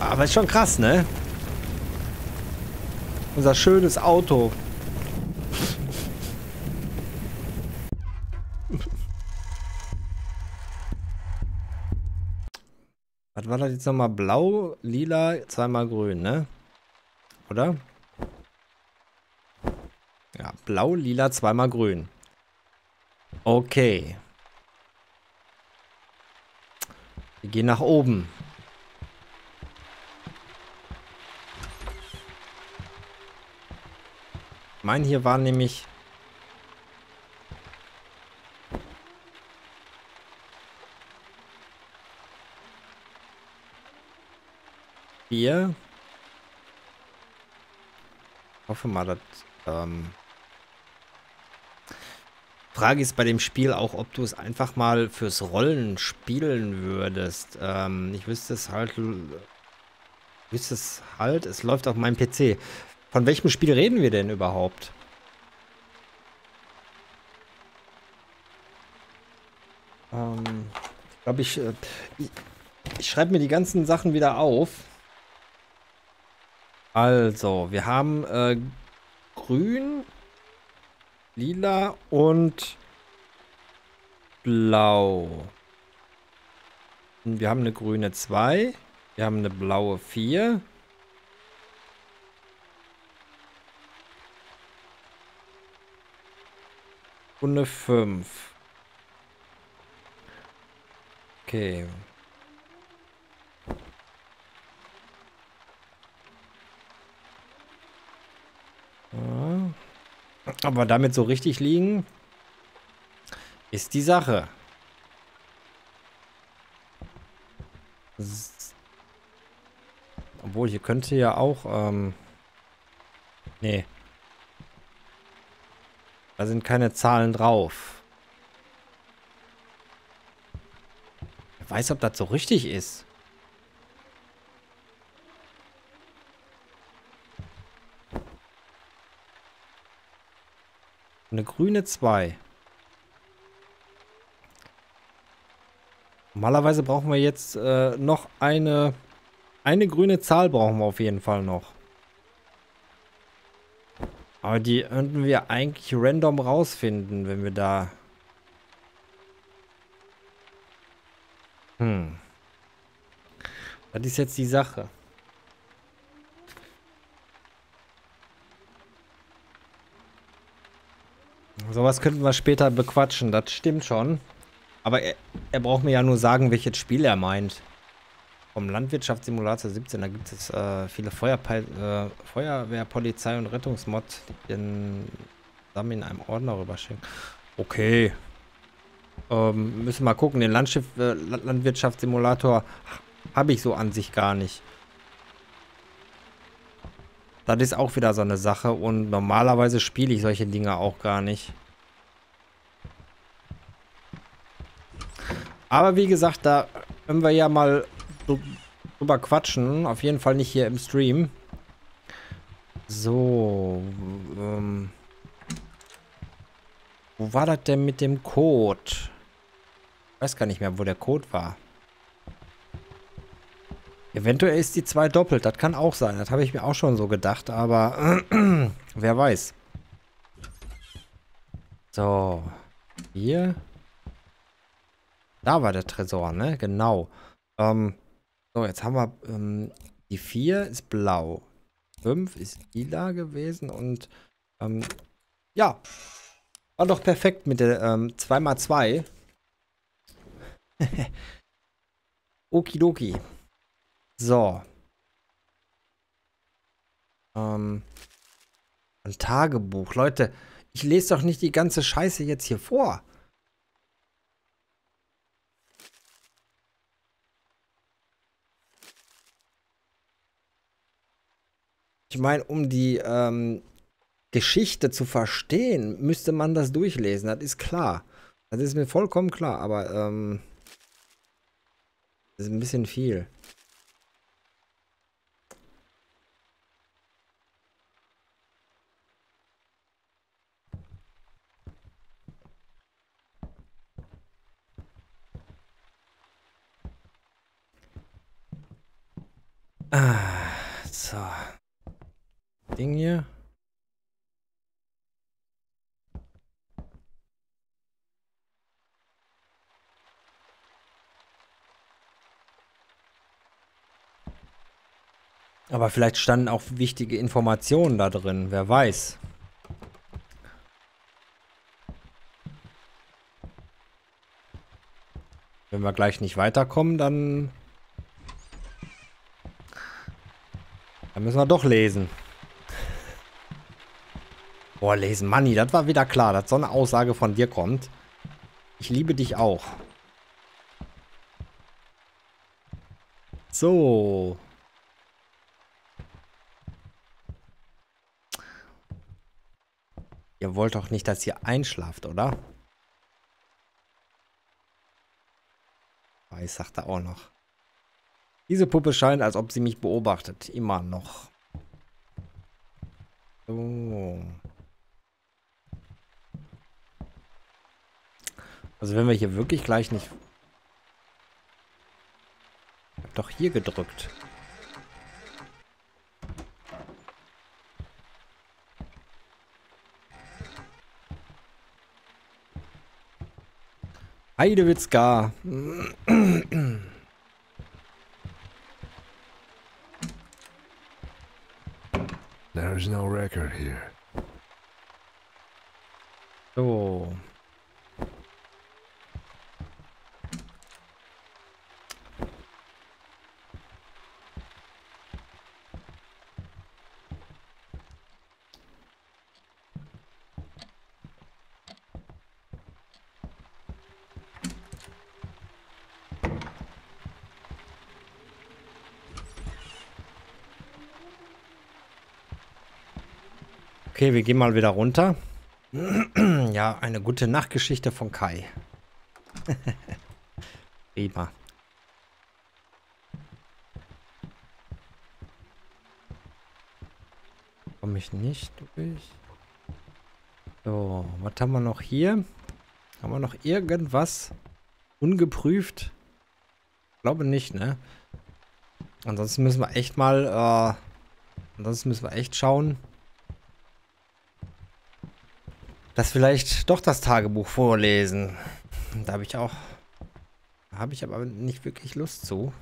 Aber ist schon krass, ne? Unser schönes Auto. Was war das jetzt nochmal? Blau, lila, zweimal grün, ne? Oder? Ja, blau, lila, zweimal grün. Okay. Wir gehen nach oben. Mein hier war nämlich... Vier. Hoffe mal, dass... Ähm Frage ist bei dem Spiel auch, ob du es einfach mal fürs Rollen spielen würdest. Ähm, ich wüsste es halt. Wüsste es halt, es läuft auf meinem PC. Von welchem Spiel reden wir denn überhaupt? Ähm, glaube ich, äh, ich, ich schreibe mir die ganzen Sachen wieder auf. Also, wir haben äh, grün, Lila und blau. Und wir haben eine grüne 2. Wir haben eine blaue 4. Und eine 5. Okay. Ah. Ob wir damit so richtig liegen, ist die Sache. Obwohl, hier könnte ja auch... Ähm, nee. Da sind keine Zahlen drauf. Wer weiß, ob das so richtig ist. eine grüne 2. Normalerweise brauchen wir jetzt äh, noch eine... Eine grüne Zahl brauchen wir auf jeden Fall noch. Aber die könnten wir eigentlich random rausfinden, wenn wir da... Hm. Das ist jetzt die Sache. Sowas könnten wir später bequatschen, das stimmt schon. Aber er, er braucht mir ja nur sagen, welches Spiel er meint. Vom Landwirtschaftssimulator 17, da gibt es äh, viele Feuerpe äh, Feuerwehr, Polizei und Rettungsmod, die den zusammen in einem Ordner rüberschicken. Okay. Ähm, müssen wir mal gucken. Den Landschiff, äh, Landwirtschaftssimulator habe ich so an sich gar nicht. Das ist auch wieder so eine Sache und normalerweise spiele ich solche Dinge auch gar nicht. Aber wie gesagt, da können wir ja mal drüber quatschen. Auf jeden Fall nicht hier im Stream. So. Ähm, wo war das denn mit dem Code? Ich weiß gar nicht mehr, wo der Code war. Eventuell ist die 2 doppelt, das kann auch sein. Das habe ich mir auch schon so gedacht, aber wer weiß. So, hier. Da war der Tresor, ne? Genau. Ähm, so, jetzt haben wir, ähm, die 4 ist blau. 5 ist lila gewesen und, ähm, ja. War doch perfekt mit der, ähm, 2x2. Okidoki. So. Ähm. Ein Tagebuch. Leute, ich lese doch nicht die ganze Scheiße jetzt hier vor. Ich meine, um die ähm, Geschichte zu verstehen, müsste man das durchlesen. Das ist klar. Das ist mir vollkommen klar, aber ähm, das ist ein bisschen viel. Ah, so. Ding hier. Aber vielleicht standen auch wichtige Informationen da drin, wer weiß. Wenn wir gleich nicht weiterkommen, dann Dann müssen wir doch lesen. Boah, lesen. Manni, das war wieder klar, dass so eine Aussage von dir kommt. Ich liebe dich auch. So. Ihr wollt doch nicht, dass ihr einschlaft, oder? Ah, ich sagte auch noch. Diese Puppe scheint, als ob sie mich beobachtet. Immer noch. So. Also wenn wir hier wirklich gleich nicht... Ich hab doch hier gedrückt. Heidewitzka. There is no record here. Oh. Okay, wir gehen mal wieder runter. ja, eine gute Nachtgeschichte von Kai. Prima. Komme ich nicht durch. So, was haben wir noch hier? Haben wir noch irgendwas ungeprüft? Ich glaube nicht, ne? Ansonsten müssen wir echt mal, äh, ansonsten müssen wir echt schauen, das vielleicht doch das Tagebuch vorlesen. Da habe ich auch, Da habe ich aber nicht wirklich Lust zu.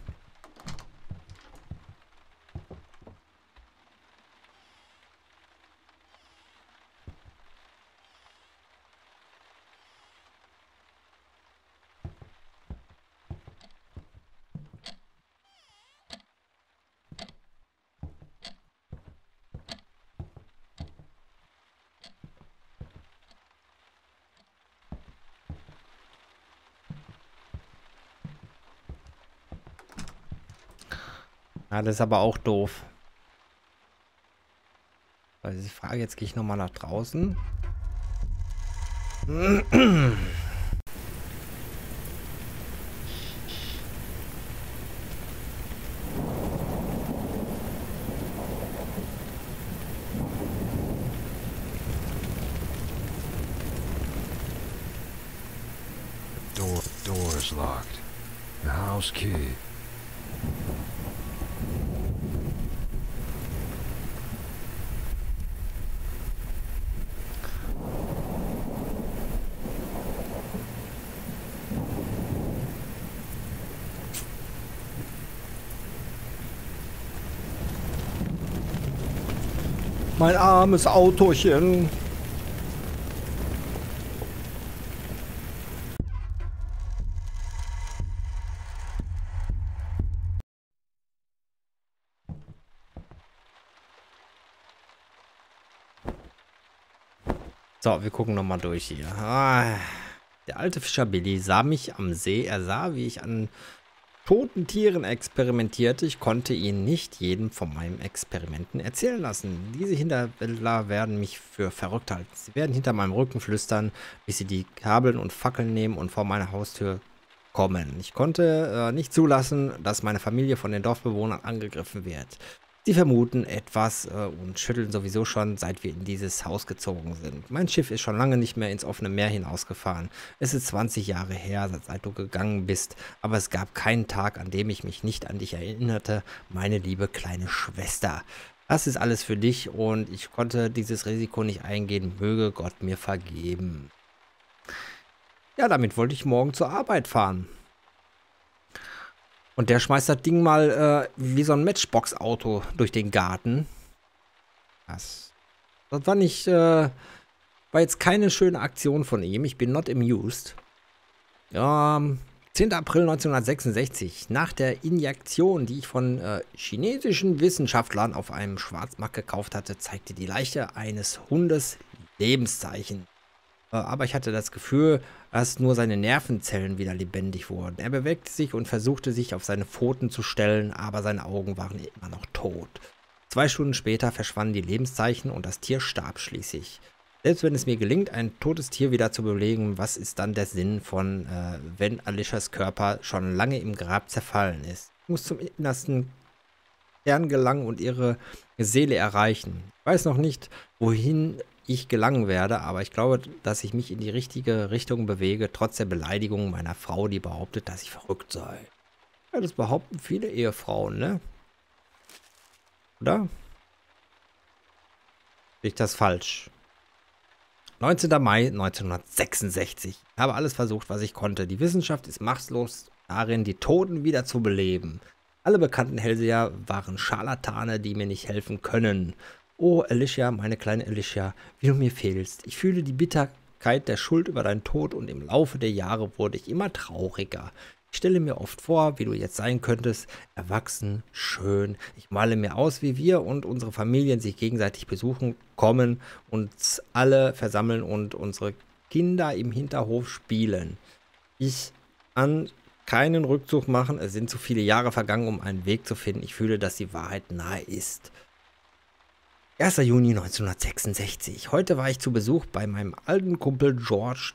Ja, ah, das ist aber auch doof. Also ich Frage, jetzt gehe ich nochmal nach draußen. Door, door is locked. The house key. Mein armes Autochen. So, wir gucken nochmal durch hier. Ah, der alte Fischer Billy sah mich am See. Er sah, wie ich an toten Tieren experimentierte. Ich konnte ihnen nicht jedem von meinen Experimenten erzählen lassen. Diese Hinterbildler werden mich für verrückt halten. Sie werden hinter meinem Rücken flüstern, bis sie die Kabeln und Fackeln nehmen und vor meine Haustür kommen. Ich konnte äh, nicht zulassen, dass meine Familie von den Dorfbewohnern angegriffen wird. Sie vermuten etwas äh, und schütteln sowieso schon, seit wir in dieses Haus gezogen sind. Mein Schiff ist schon lange nicht mehr ins offene Meer hinausgefahren. Es ist 20 Jahre her, seit du gegangen bist, aber es gab keinen Tag, an dem ich mich nicht an dich erinnerte, meine liebe kleine Schwester. Das ist alles für dich und ich konnte dieses Risiko nicht eingehen. Möge Gott mir vergeben. Ja, damit wollte ich morgen zur Arbeit fahren. Und der schmeißt das Ding mal äh, wie so ein Matchbox-Auto durch den Garten. Das, das war nicht, äh, war jetzt keine schöne Aktion von ihm. Ich bin not amused. Ja, 10. April 1966, nach der Injektion, die ich von äh, chinesischen Wissenschaftlern auf einem Schwarzmarkt gekauft hatte, zeigte die Leiche eines Hundes Lebenszeichen. Äh, aber ich hatte das Gefühl, als nur seine Nervenzellen wieder lebendig wurden. Er bewegte sich und versuchte sich auf seine Pfoten zu stellen, aber seine Augen waren immer noch tot. Zwei Stunden später verschwanden die Lebenszeichen und das Tier starb schließlich. Selbst wenn es mir gelingt, ein totes Tier wieder zu bewegen, was ist dann der Sinn von, äh, wenn Alishas Körper schon lange im Grab zerfallen ist? Ich muss zum innersten Kern gelangen und ihre Seele erreichen. Ich weiß noch nicht, wohin ich gelangen werde, aber ich glaube, dass ich mich in die richtige Richtung bewege, trotz der Beleidigung meiner Frau, die behauptet, dass ich verrückt sei. Ja, das behaupten viele Ehefrauen, ne? Oder? Liegt das falsch? 19. Mai 1966. Ich habe alles versucht, was ich konnte. Die Wissenschaft ist machtlos darin, die Toten wieder zu beleben. Alle bekannten Hellseher waren Scharlatane, die mir nicht helfen können. Oh, Alicia, meine kleine Alicia, wie du mir fehlst. Ich fühle die Bitterkeit der Schuld über deinen Tod und im Laufe der Jahre wurde ich immer trauriger. Ich stelle mir oft vor, wie du jetzt sein könntest, erwachsen, schön. Ich male mir aus, wie wir und unsere Familien sich gegenseitig besuchen, kommen, uns alle versammeln und unsere Kinder im Hinterhof spielen. Ich an keinen Rückzug machen, es sind zu viele Jahre vergangen, um einen Weg zu finden. Ich fühle, dass die Wahrheit nahe ist. 1. Juni 1966. Heute war ich zu Besuch bei meinem alten Kumpel George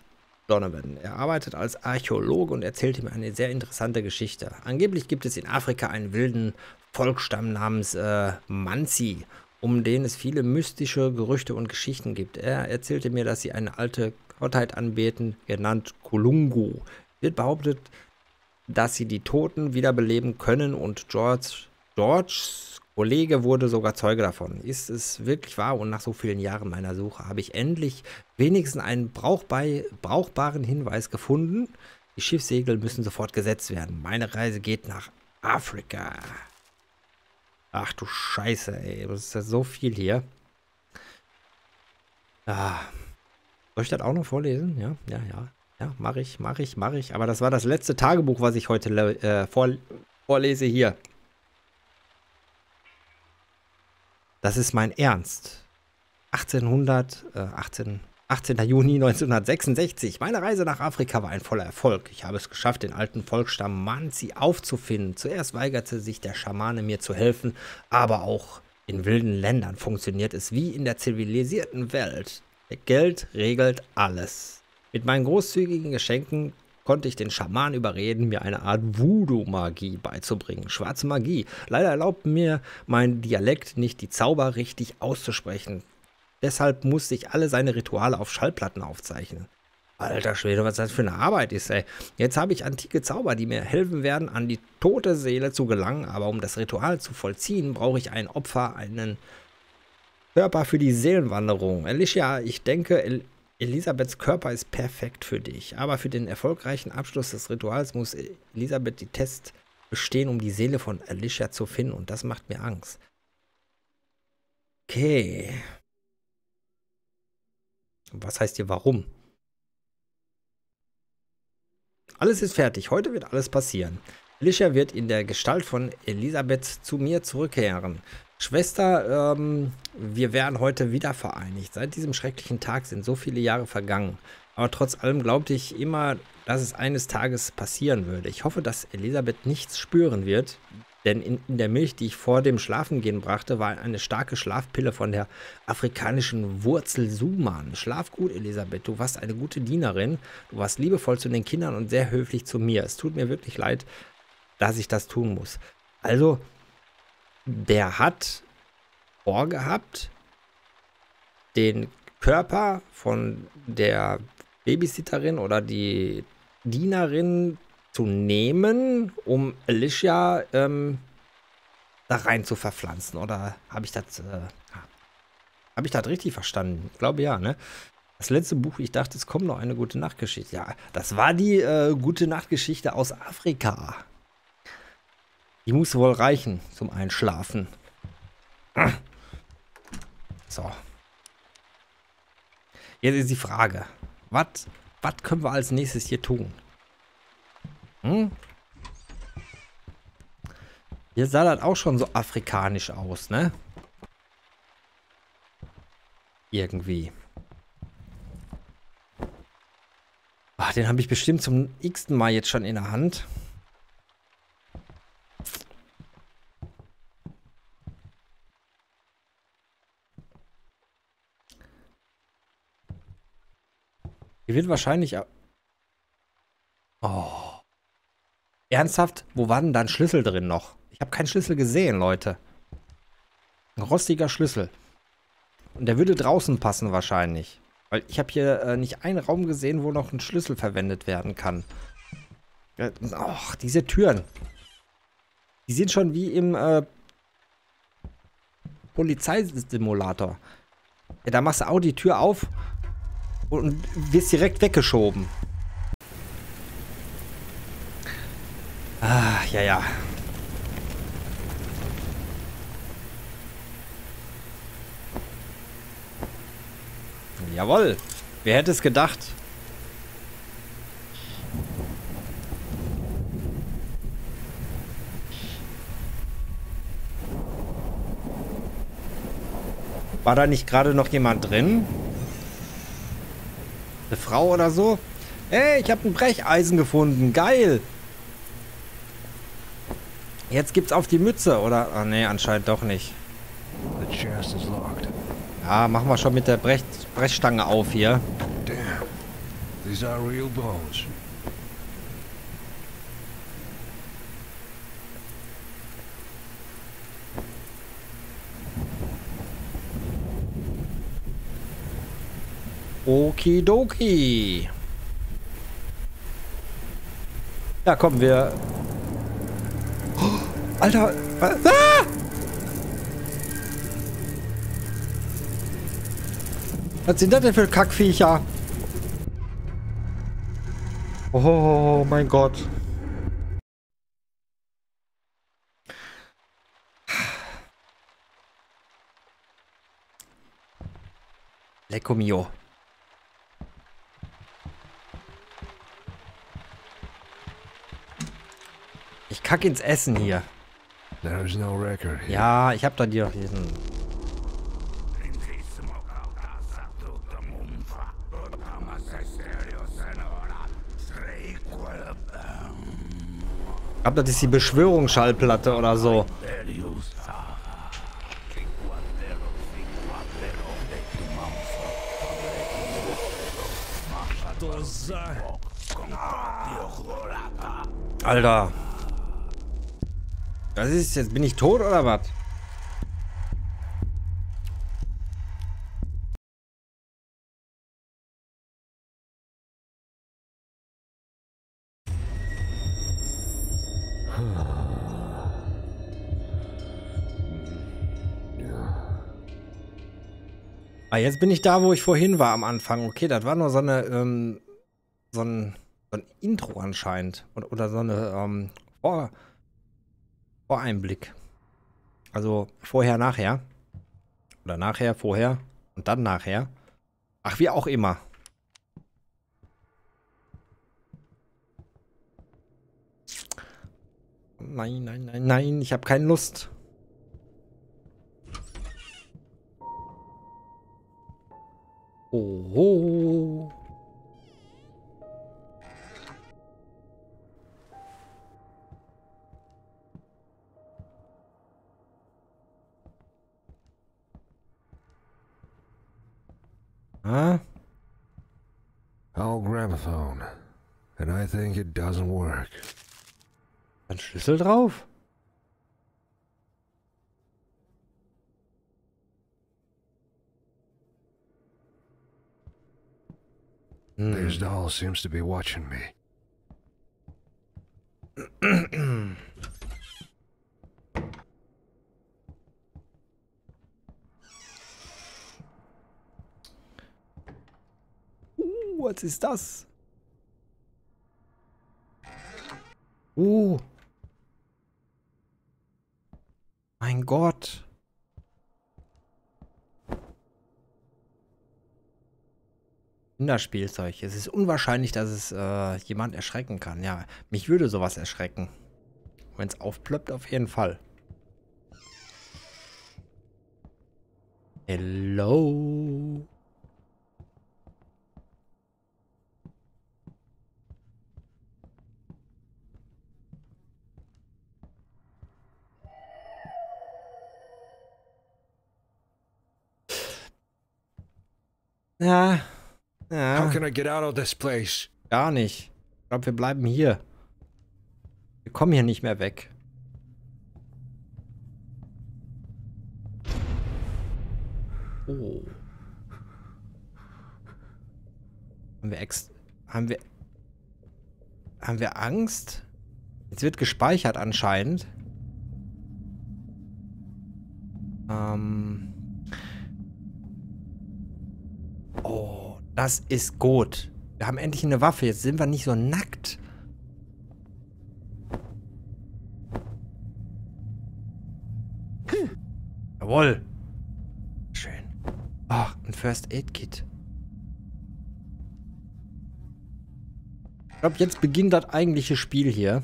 Donovan. Er arbeitet als Archäologe und erzählte mir eine sehr interessante Geschichte. Angeblich gibt es in Afrika einen wilden Volksstamm namens äh, Mansi, um den es viele mystische Gerüchte und Geschichten gibt. Er erzählte mir, dass sie eine alte Gottheit anbeten, genannt Kulungu. Wird behauptet, dass sie die Toten wiederbeleben können und George, George Kollege wurde sogar Zeuge davon. Ist es wirklich wahr? Und nach so vielen Jahren meiner Suche habe ich endlich wenigstens einen brauchbaren Hinweis gefunden. Die Schiffssegel müssen sofort gesetzt werden. Meine Reise geht nach Afrika. Ach du Scheiße, ey. Das ist ja so viel hier. Ah. Soll ich das auch noch vorlesen? Ja, ja, ja. Ja, mache ich, mache ich, mache ich. Aber das war das letzte Tagebuch, was ich heute äh, vor vorlese hier. Das ist mein Ernst. 1800, äh, 18, 18. Juni 1966. Meine Reise nach Afrika war ein voller Erfolg. Ich habe es geschafft, den alten Volksstamm Manzi aufzufinden. Zuerst weigerte sich der Schamane, mir zu helfen, aber auch in wilden Ländern funktioniert es wie in der zivilisierten Welt. Geld regelt alles. Mit meinen großzügigen Geschenken konnte ich den Schaman überreden, mir eine Art Voodoo-Magie beizubringen. Schwarze Magie. Leider erlaubt mir mein Dialekt nicht, die Zauber richtig auszusprechen. Deshalb musste ich alle seine Rituale auf Schallplatten aufzeichnen. Alter Schwede, was das für eine Arbeit ist, ey. Jetzt habe ich antike Zauber, die mir helfen werden, an die tote Seele zu gelangen, aber um das Ritual zu vollziehen, brauche ich ein Opfer, einen Körper für die Seelenwanderung. Alicia, ich denke, Elisabeths Körper ist perfekt für dich, aber für den erfolgreichen Abschluss des Rituals muss Elisabeth die Tests bestehen, um die Seele von Alicia zu finden und das macht mir Angst. Okay. Was heißt hier warum? Alles ist fertig, heute wird alles passieren. Alicia wird in der Gestalt von Elisabeth zu mir zurückkehren. Schwester, ähm, wir wären heute wieder vereinigt. Seit diesem schrecklichen Tag sind so viele Jahre vergangen. Aber trotz allem glaubte ich immer, dass es eines Tages passieren würde. Ich hoffe, dass Elisabeth nichts spüren wird, denn in, in, der Milch, die ich vor dem Schlafengehen brachte, war eine starke Schlafpille von der afrikanischen Wurzel Suman. Schlaf gut, Elisabeth. Du warst eine gute Dienerin. Du warst liebevoll zu den Kindern und sehr höflich zu mir. Es tut mir wirklich leid, dass ich das tun muss. Also, der hat vorgehabt, den Körper von der Babysitterin oder die Dienerin zu nehmen, um Alicia ähm, da rein zu verpflanzen. Oder habe ich das äh, habe richtig verstanden? Ich glaube ja, ne? Das letzte Buch, ich dachte, es kommt noch eine gute Nachtgeschichte. Ja, das war die äh, gute Nachtgeschichte aus Afrika. Die muss wohl reichen zum Einschlafen. So. Jetzt ist die Frage. Was können wir als nächstes hier tun? Hm? Hier sah das auch schon so afrikanisch aus, ne? Irgendwie. Ach, den habe ich bestimmt zum x-ten Mal jetzt schon in der Hand. Hier wird wahrscheinlich... Oh. Ernsthaft? Wo war denn da ein Schlüssel drin noch? Ich habe keinen Schlüssel gesehen, Leute. Ein rostiger Schlüssel. Und der würde draußen passen wahrscheinlich. Weil ich habe hier äh, nicht einen Raum gesehen, wo noch ein Schlüssel verwendet werden kann. Äh, och, diese Türen. Die sind schon wie im äh, Polizeisimulator. Ja, da machst du auch die Tür auf und wirst direkt weggeschoben. Ah, ja, ja. Jawohl. Wer hätte es gedacht? War da nicht gerade noch jemand drin? Eine Frau oder so? Hey, ich habe ein Brecheisen gefunden. Geil. Jetzt gibt's auf die Mütze, oder? Ah, nee, anscheinend doch nicht. Ja, machen wir schon mit der Brech Brechstange auf hier. Damn. These are real bones. Okidoki. Ja, kommen wir. Oh, Alter. Ah! Was sind das denn für Kackviecher? Oh, oh, oh, oh mein Gott. Lecco mio. kack ins Essen hier. No ja, ich hab da dir diesen... Ich glaube, das ist die Beschwörungsschallplatte oder so. Alter. Was ist jetzt? Bin ich tot oder was? Ah, jetzt bin ich da, wo ich vorhin war am Anfang. Okay, das war nur so eine, ähm, so ein, so ein Intro anscheinend. Oder, oder so eine, ähm, oh vor Einblick. Also vorher, nachher. Oder nachher, vorher und dann nachher. Ach, wie auch immer. Nein, nein, nein, nein, ich habe keine Lust. Oh. Huh? I'll gramophone. And I think it doesn't work. Ein Schlüssel drauf? Mm. This hmm. doll seems to be watching me. was ist das? Oh. Mein Gott. Kinderspielzeug. Es ist unwahrscheinlich, dass es äh, jemand erschrecken kann. Ja, mich würde sowas erschrecken. Wenn es aufplöppt, auf jeden Fall. Hello. Ja. ja. How can I get out of this place? Gar nicht. Ich glaube, wir bleiben hier. Wir kommen hier nicht mehr weg. Oh. Haben wir Ex... Haben wir... Haben wir Angst? Jetzt wird gespeichert anscheinend. Das ist gut. Wir haben endlich eine Waffe. Jetzt sind wir nicht so nackt. Hm. Jawohl. Schön. Ach, ein First Aid Kit. Ich glaube, jetzt beginnt das eigentliche Spiel hier.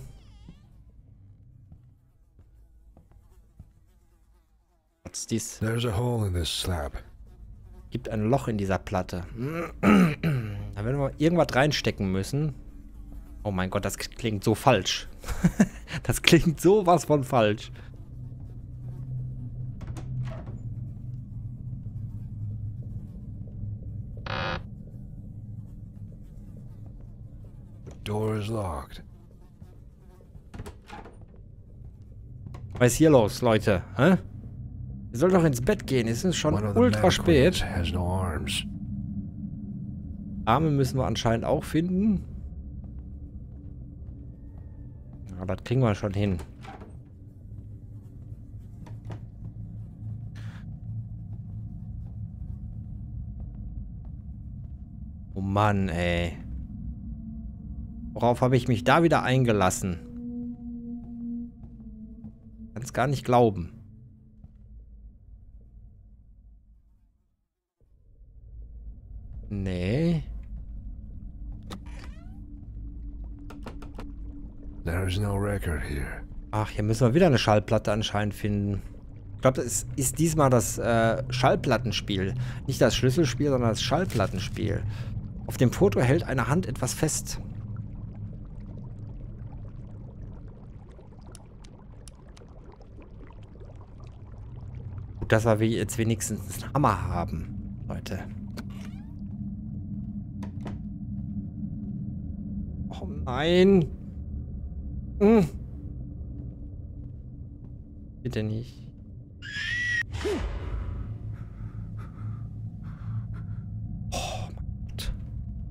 Was ist dies? There's a hole in this slab. Gibt ein Loch in dieser Platte. da werden wir irgendwas reinstecken müssen. Oh mein Gott, das klingt so falsch. das klingt sowas von falsch. door is locked. Was ist hier los, Leute? Hä? Ihr sollt doch ins Bett gehen, es ist schon ultra spät. Arme müssen wir anscheinend auch finden. Aber das kriegen wir schon hin. Oh Mann, ey. Worauf habe ich mich da wieder eingelassen? Kann es gar nicht glauben. Nee. There is no record here. Ach, hier müssen wir wieder eine Schallplatte anscheinend finden. Ich glaube, das ist diesmal das äh, Schallplattenspiel. Nicht das Schlüsselspiel, sondern das Schallplattenspiel. Auf dem Foto hält eine Hand etwas fest. Gut, dass wir jetzt wenigstens einen Hammer haben, Leute. Nein. Hm. Bitte nicht. Oh mein Gott.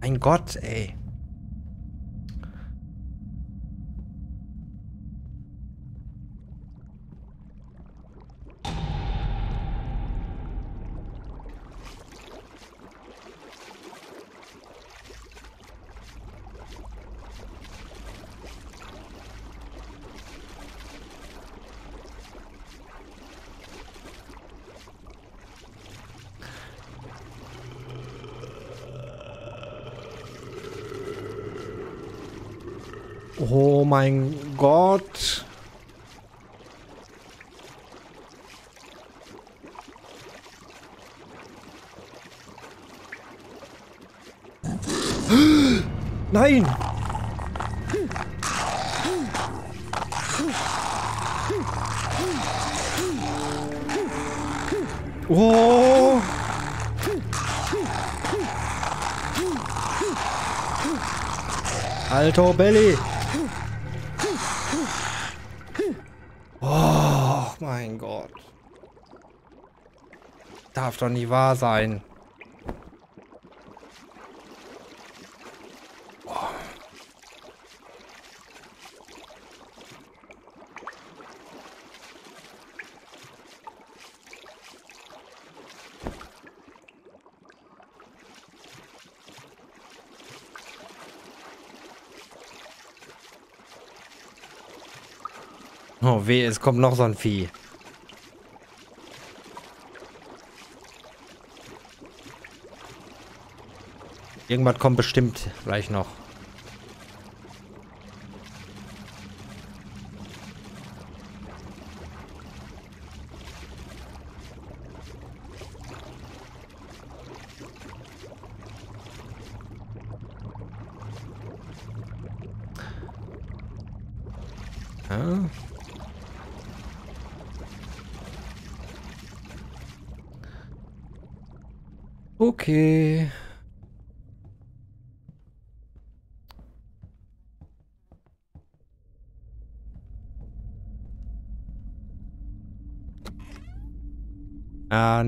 Mein Gott, ey. mein Gott. Nein! Oh! Alter Belly! darf doch nicht wahr sein. Oh. weh, es kommt noch so ein Vieh. Irgendwas kommt bestimmt gleich noch.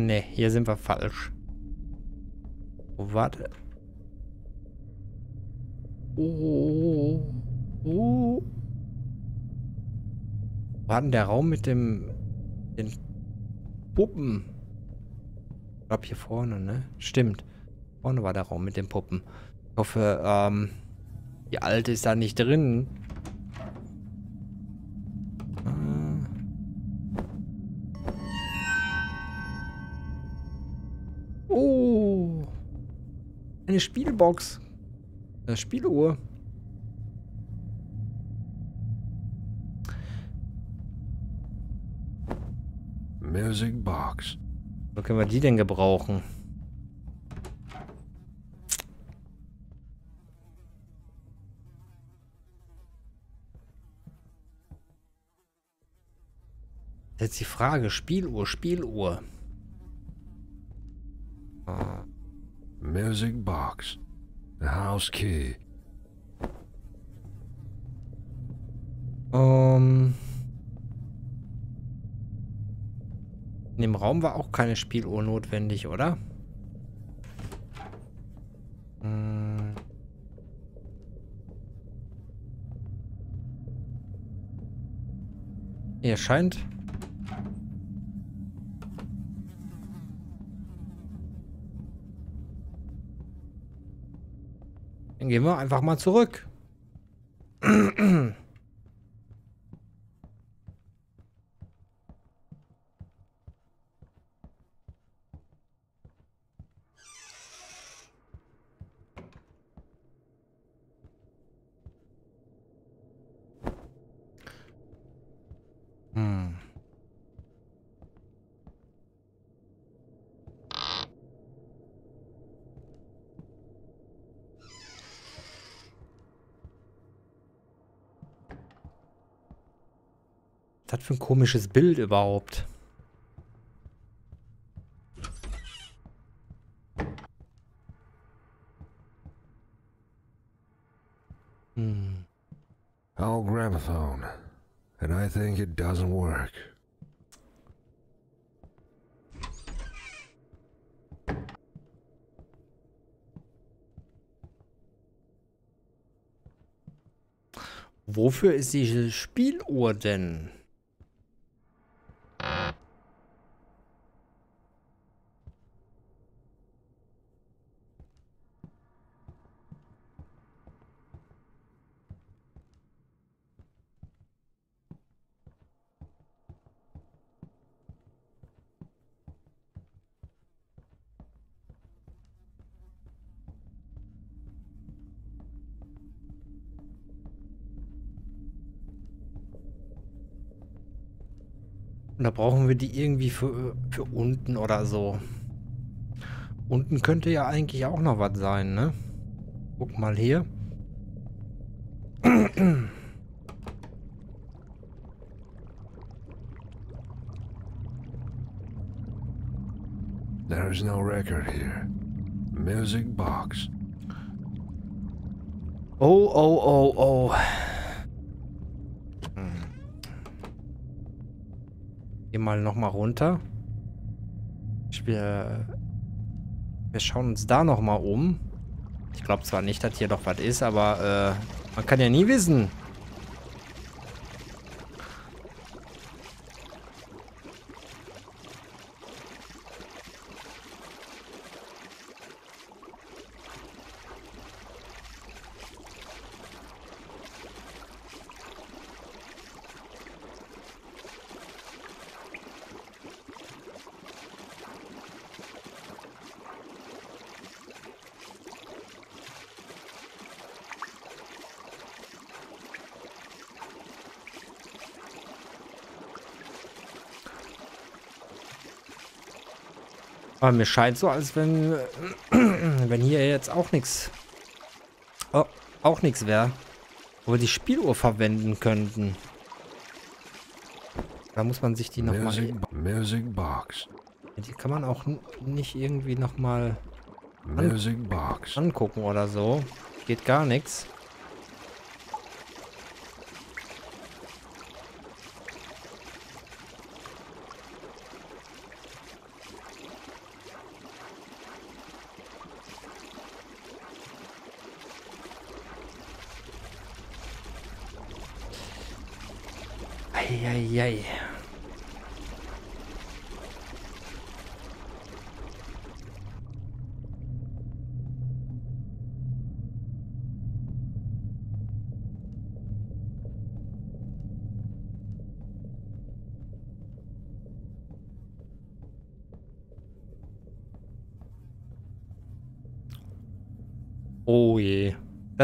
ne, hier sind wir falsch. Oh, warte. Oh oh, oh, oh, oh. War denn der Raum mit dem... den Puppen? Ich glaube hier vorne, ne? Stimmt. Vorne war der Raum mit den Puppen. Ich hoffe, ähm... Die alte ist da nicht drin. eine Spielbox. Eine äh, Spieluhr. Music Box. Wo können wir die denn gebrauchen? Jetzt die Frage, Spieluhr, Spieluhr. Ah music box. The house key. Um. Ähm. In dem Raum war auch keine Spieluhr notwendig, oder? Hm. Hier scheint Dann gehen wir einfach mal zurück. für ein komisches Bild überhaupt? Hm. Old gramophone. And I think it doesn't work. Wofür ist diese Spieluhr denn? brauchen wir die irgendwie für, für unten oder so. Unten könnte ja eigentlich auch noch was sein, ne? Guck mal hier. There is no record here. Music box. Oh, oh, oh, oh. Geh mal nochmal runter. Wir, wir schauen uns da nochmal um. Ich glaube zwar nicht, dass hier doch was ist, aber äh, man kann ja nie wissen. Aber mir scheint so, als wenn, äh, wenn hier jetzt auch nichts auch nichts wäre. Wo wir die Spieluhr verwenden könnten. Da muss man sich die noch Music, Music Box. Die kann man auch nicht irgendwie nochmal an Box. angucken oder so. Geht gar nichts.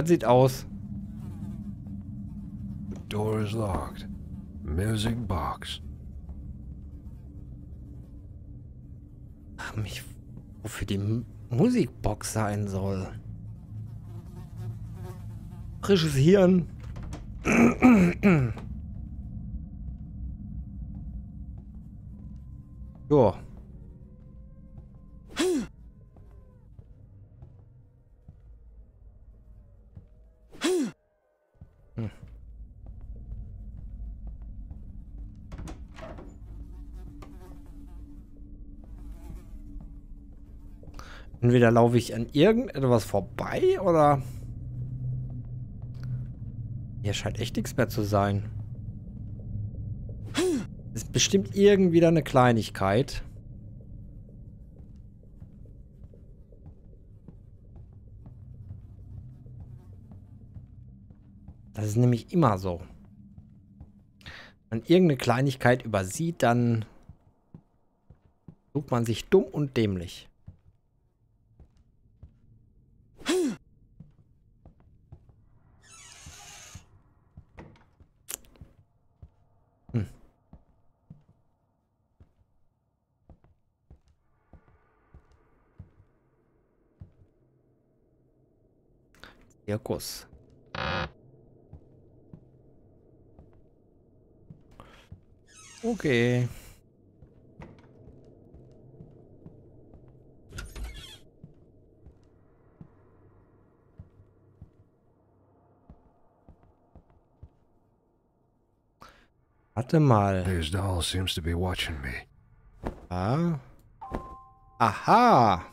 Das sieht aus. The door is locked. Music box. Ach, mich, wofür die M Musikbox sein soll. Frisches Hirn. ja. Entweder laufe ich an irgendetwas vorbei oder... Hier scheint echt nichts mehr zu sein. Das ist bestimmt irgendwie da eine Kleinigkeit. Das ist nämlich immer so. Wenn man irgendeine Kleinigkeit übersieht, dann ...sucht man sich dumm und dämlich. of course. Okay. Warte mal. His doll seems to be watching me. Ah. Aha.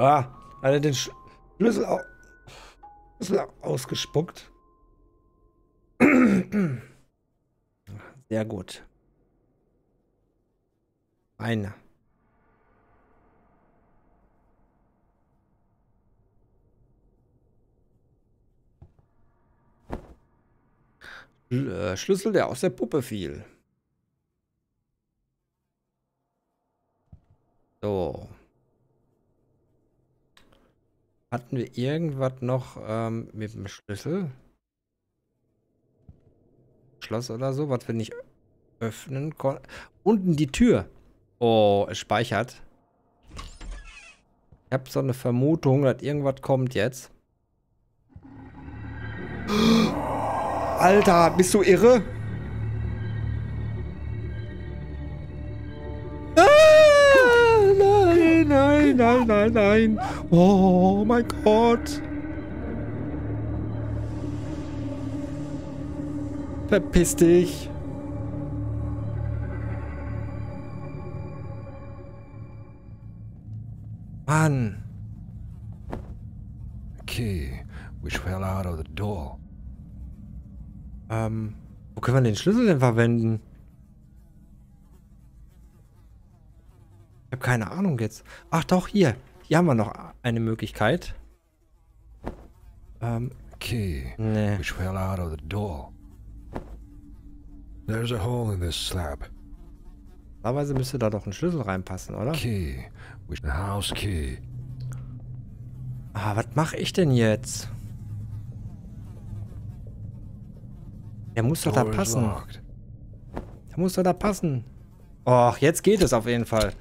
Ah, hat er den Sch Schlüssel, au Schlüssel ausgespuckt? Sehr gut. Einer. Äh, Schlüssel, der aus der Puppe fiel. So. Hatten wir irgendwas noch ähm, mit dem Schlüssel? Schloss oder so, was wir nicht öffnen konnten. Unten die Tür. Oh, es speichert. Ich habe so eine Vermutung, dass irgendwas kommt jetzt. Alter, bist du irre? nein, nein. Oh mein Gott. Verpiss dich. Mann. Key, which fell out of the door. Ähm, wo können wir den Schlüssel denn verwenden? Ich habe keine Ahnung jetzt. Ach doch, hier. Hier haben wir noch eine Möglichkeit. Ähm, Key, nee. which fell out of the door. There's a hole in this slab. Normalerweise müsste da doch ein Schlüssel reinpassen, oder? Key, which the house key. Ah, was mache ich denn jetzt? Der muss doch da passen. Der muss doch da passen. Och, jetzt geht es auf jeden Fall.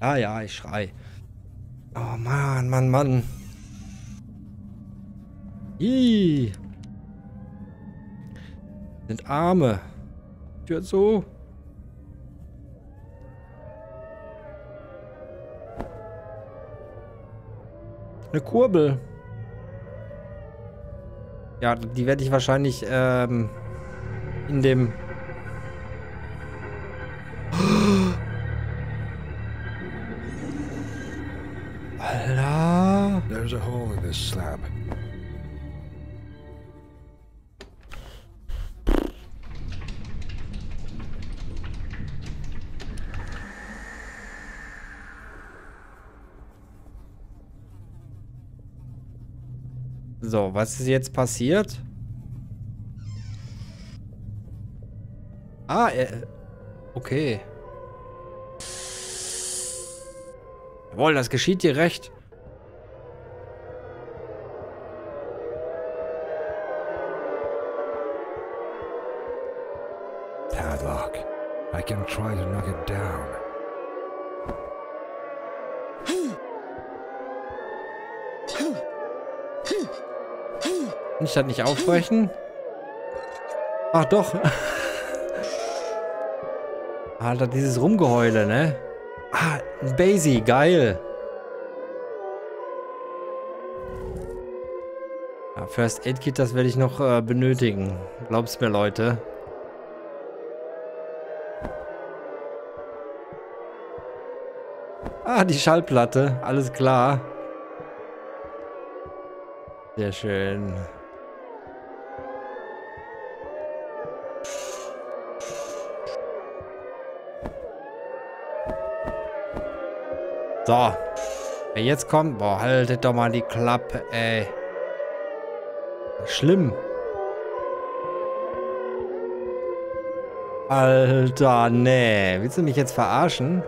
Ah ja, ich schrei. Oh Mann, Mann, Mann. Ih. Sind Arme. Tür so. Eine Kurbel. Ja, die werde ich wahrscheinlich ähm, in dem this slab. So, was ist jetzt passiert? Ah, äh, okay. Jawohl, das geschieht dir recht. try to knock it down. Nicht das nicht aufbrechen? Ach doch. Alter, dieses Rumgeheule, ne? Ah, Basie, geil. Ja, First Aid Kit, das werde ich noch äh, benötigen. Glaubt's mir, Leute. Ah, die Schallplatte. Alles klar. Sehr schön. So. Wer jetzt kommt, boah, haltet doch mal die Klappe, ey. Schlimm. Alter, nee. Willst du mich jetzt verarschen?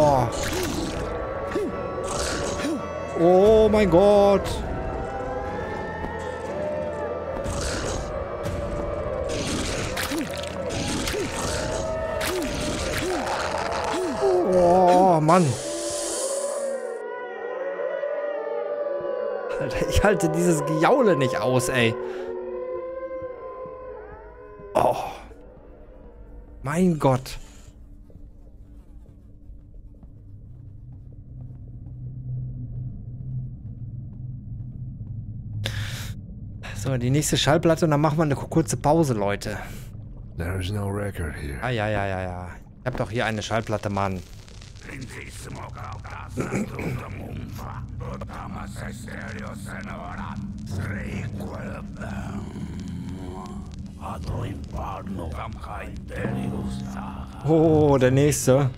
Oh. Oh mein Gott. Oh Mann. Alter, ich halte dieses Gejaule nicht aus, ey. Oh. Mein Gott. So, die nächste Schallplatte und dann machen wir eine kurze Pause, Leute. There is no record here. Ah, ja, ja, ja, ja. Ich hab doch hier eine Schallplatte, Mann. Oh, der nächste.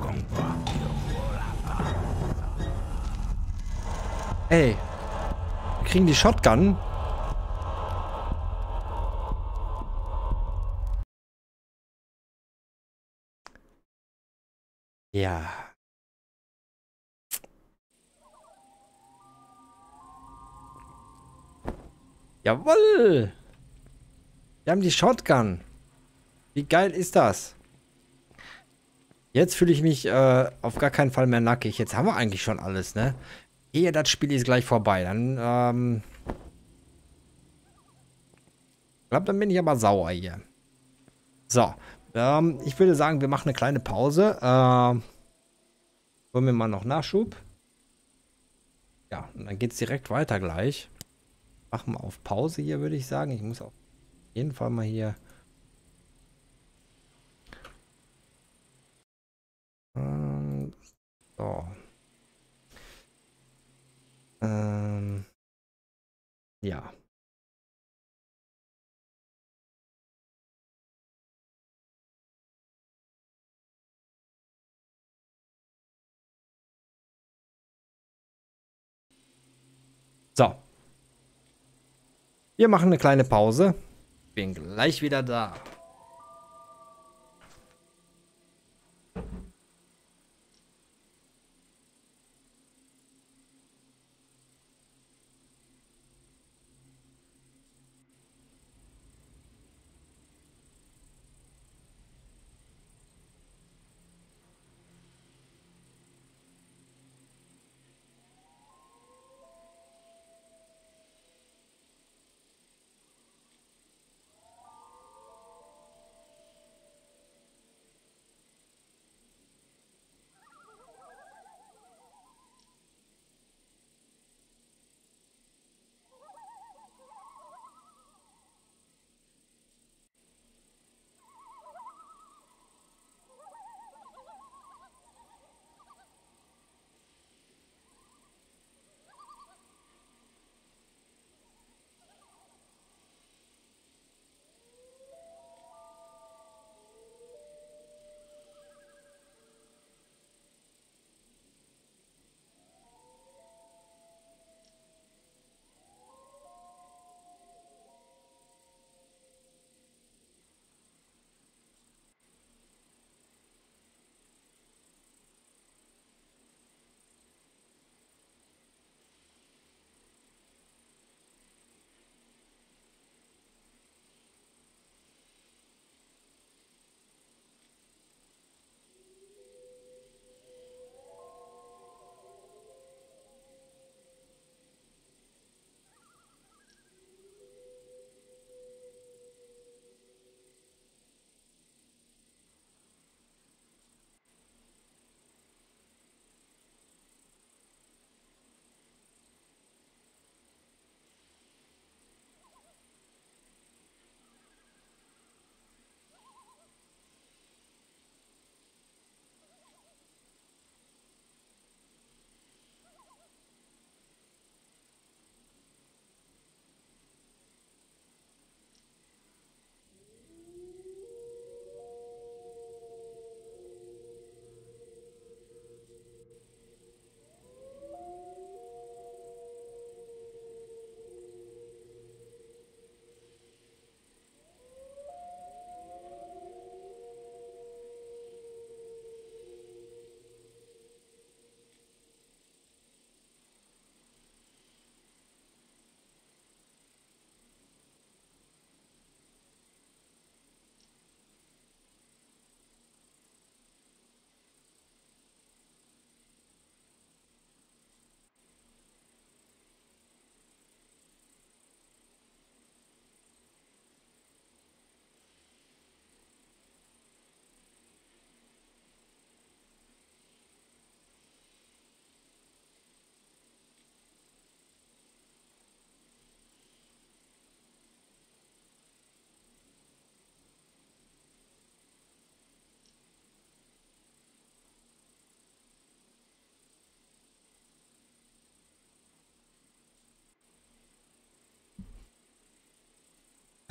Compagno Ey. Wir kriegen die Shotgun. Ja. Jawoll! Wir haben die Shotgun. Wie geil ist das? Jetzt fühle ich mich äh, auf gar keinen Fall mehr nackig. Jetzt haben wir eigentlich schon alles, ne? Ehe das Spiel ist gleich vorbei. Dann, ähm... Ich glaube, dann bin ich aber sauer hier. So. Ähm, ich würde sagen, wir machen eine kleine Pause. Ähm... Holen wir mal noch Nachschub. Ja, und dann geht's direkt weiter gleich. Machen wir auf Pause hier, würde ich sagen. Ich muss auf jeden Fall mal hier... Ähm, So. Ähm, ja. So. Wir machen eine kleine Pause. Bin gleich wieder da.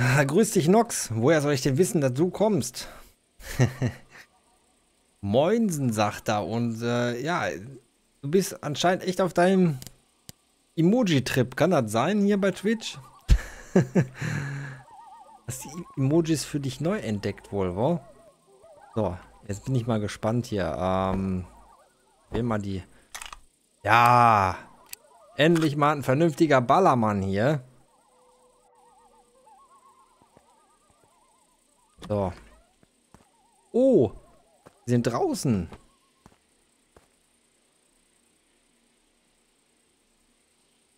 Ah, grüß dich, Nox. Woher soll ich denn wissen, dass du kommst? Moinsen, sagt er. Und äh, ja, du bist anscheinend echt auf deinem Emoji-Trip. Kann das sein hier bei Twitch? Dass die Emojis für dich neu entdeckt wohl, wo? So, jetzt bin ich mal gespannt hier. Ähm, will mal die... Ja! Endlich mal ein vernünftiger Ballermann hier. So. Oh! Sie sind draußen.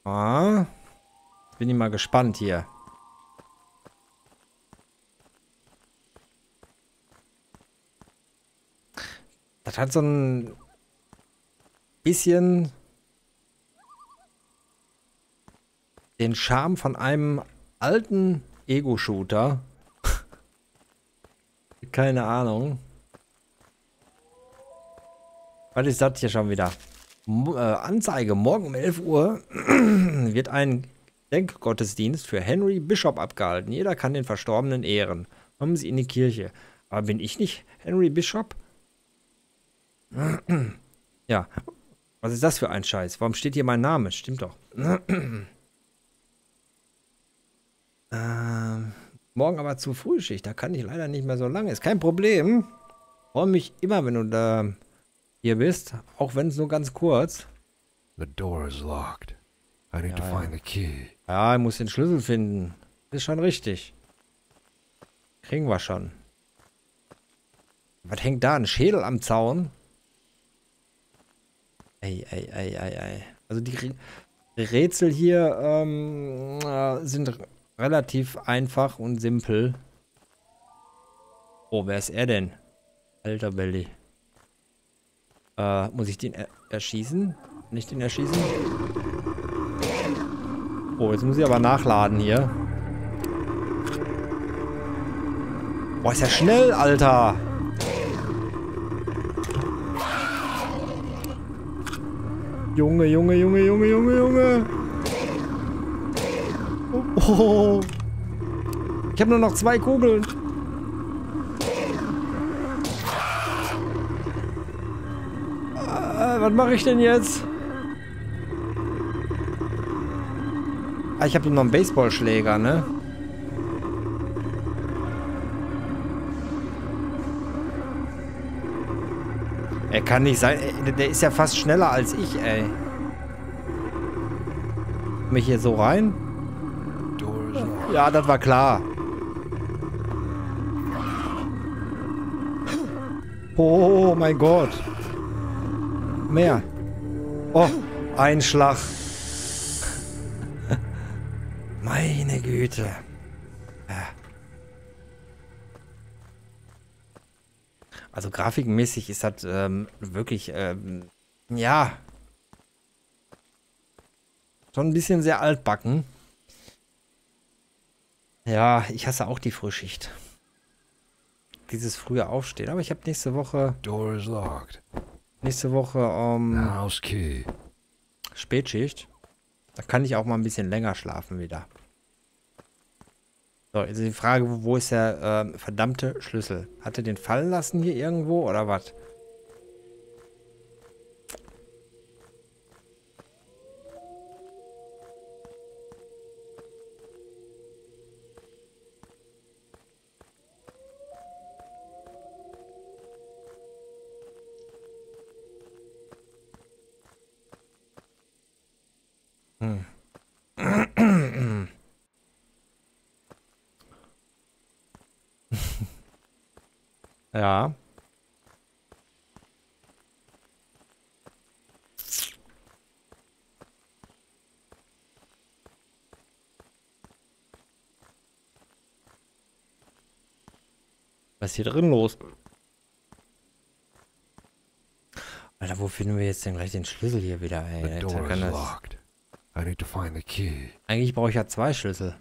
Ah. Bin ich mal gespannt hier. Das hat so ein bisschen den Charme von einem alten Ego-Shooter. Keine Ahnung. Was ist das hier schon wieder? Äh, Anzeige. Morgen um 11 Uhr wird ein Denkgottesdienst für Henry Bishop abgehalten. Jeder kann den Verstorbenen ehren. Kommen Sie in die Kirche. Aber bin ich nicht Henry Bishop? ja. Was ist das für ein Scheiß? Warum steht hier mein Name? Stimmt doch. ähm. Morgen aber zu Frühschicht, da kann ich leider nicht mehr so lange. Ist kein Problem. Freue mich immer, wenn du da hier bist, auch wenn es nur ganz kurz. The door is locked. I need ja, to find the key. Ja, ich muss den Schlüssel finden. Ist schon richtig. Kriegen wir schon. Was hängt da? Ein Schädel am Zaun? Ei, ei, ei, ei, ei. Also die Rätsel hier ähm, äh, sind relativ einfach und simpel. Oh, wer ist er denn? Alter Belly. Äh, muss ich den er erschießen? Nicht den erschießen? Oh, jetzt muss ich aber nachladen hier. Boah, ist ja schnell, Alter. Junge, Junge, Junge, Junge, Junge, Junge. Oh. Ich habe nur noch zwei Kugeln. Äh, was mache ich denn jetzt? Ah, ich habe nur noch einen Baseballschläger, ne? Er kann nicht sein. Äh, der ist ja fast schneller als ich, ey. Komm ich hier so rein? Ja, das war klar. Oh mein Gott. Mehr. Oh, ein Schlag. Meine Güte. Also grafikmäßig ist das ähm, wirklich, ähm, ja, schon ein bisschen sehr altbacken. Ja, ich hasse auch die Frühschicht. Dieses frühe Aufstehen. Aber ich habe nächste Woche. Door is locked. Nächste Woche ähm, House key. Spätschicht. Da kann ich auch mal ein bisschen länger schlafen wieder. So, also die Frage, wo ist der ähm, verdammte Schlüssel? Hat er den fallen lassen hier irgendwo oder was? Ja. Was ist hier drin los? Alter, wo finden wir jetzt denn gleich den Schlüssel hier wieder? Ey, kann Eigentlich brauche ich ja zwei Schlüssel.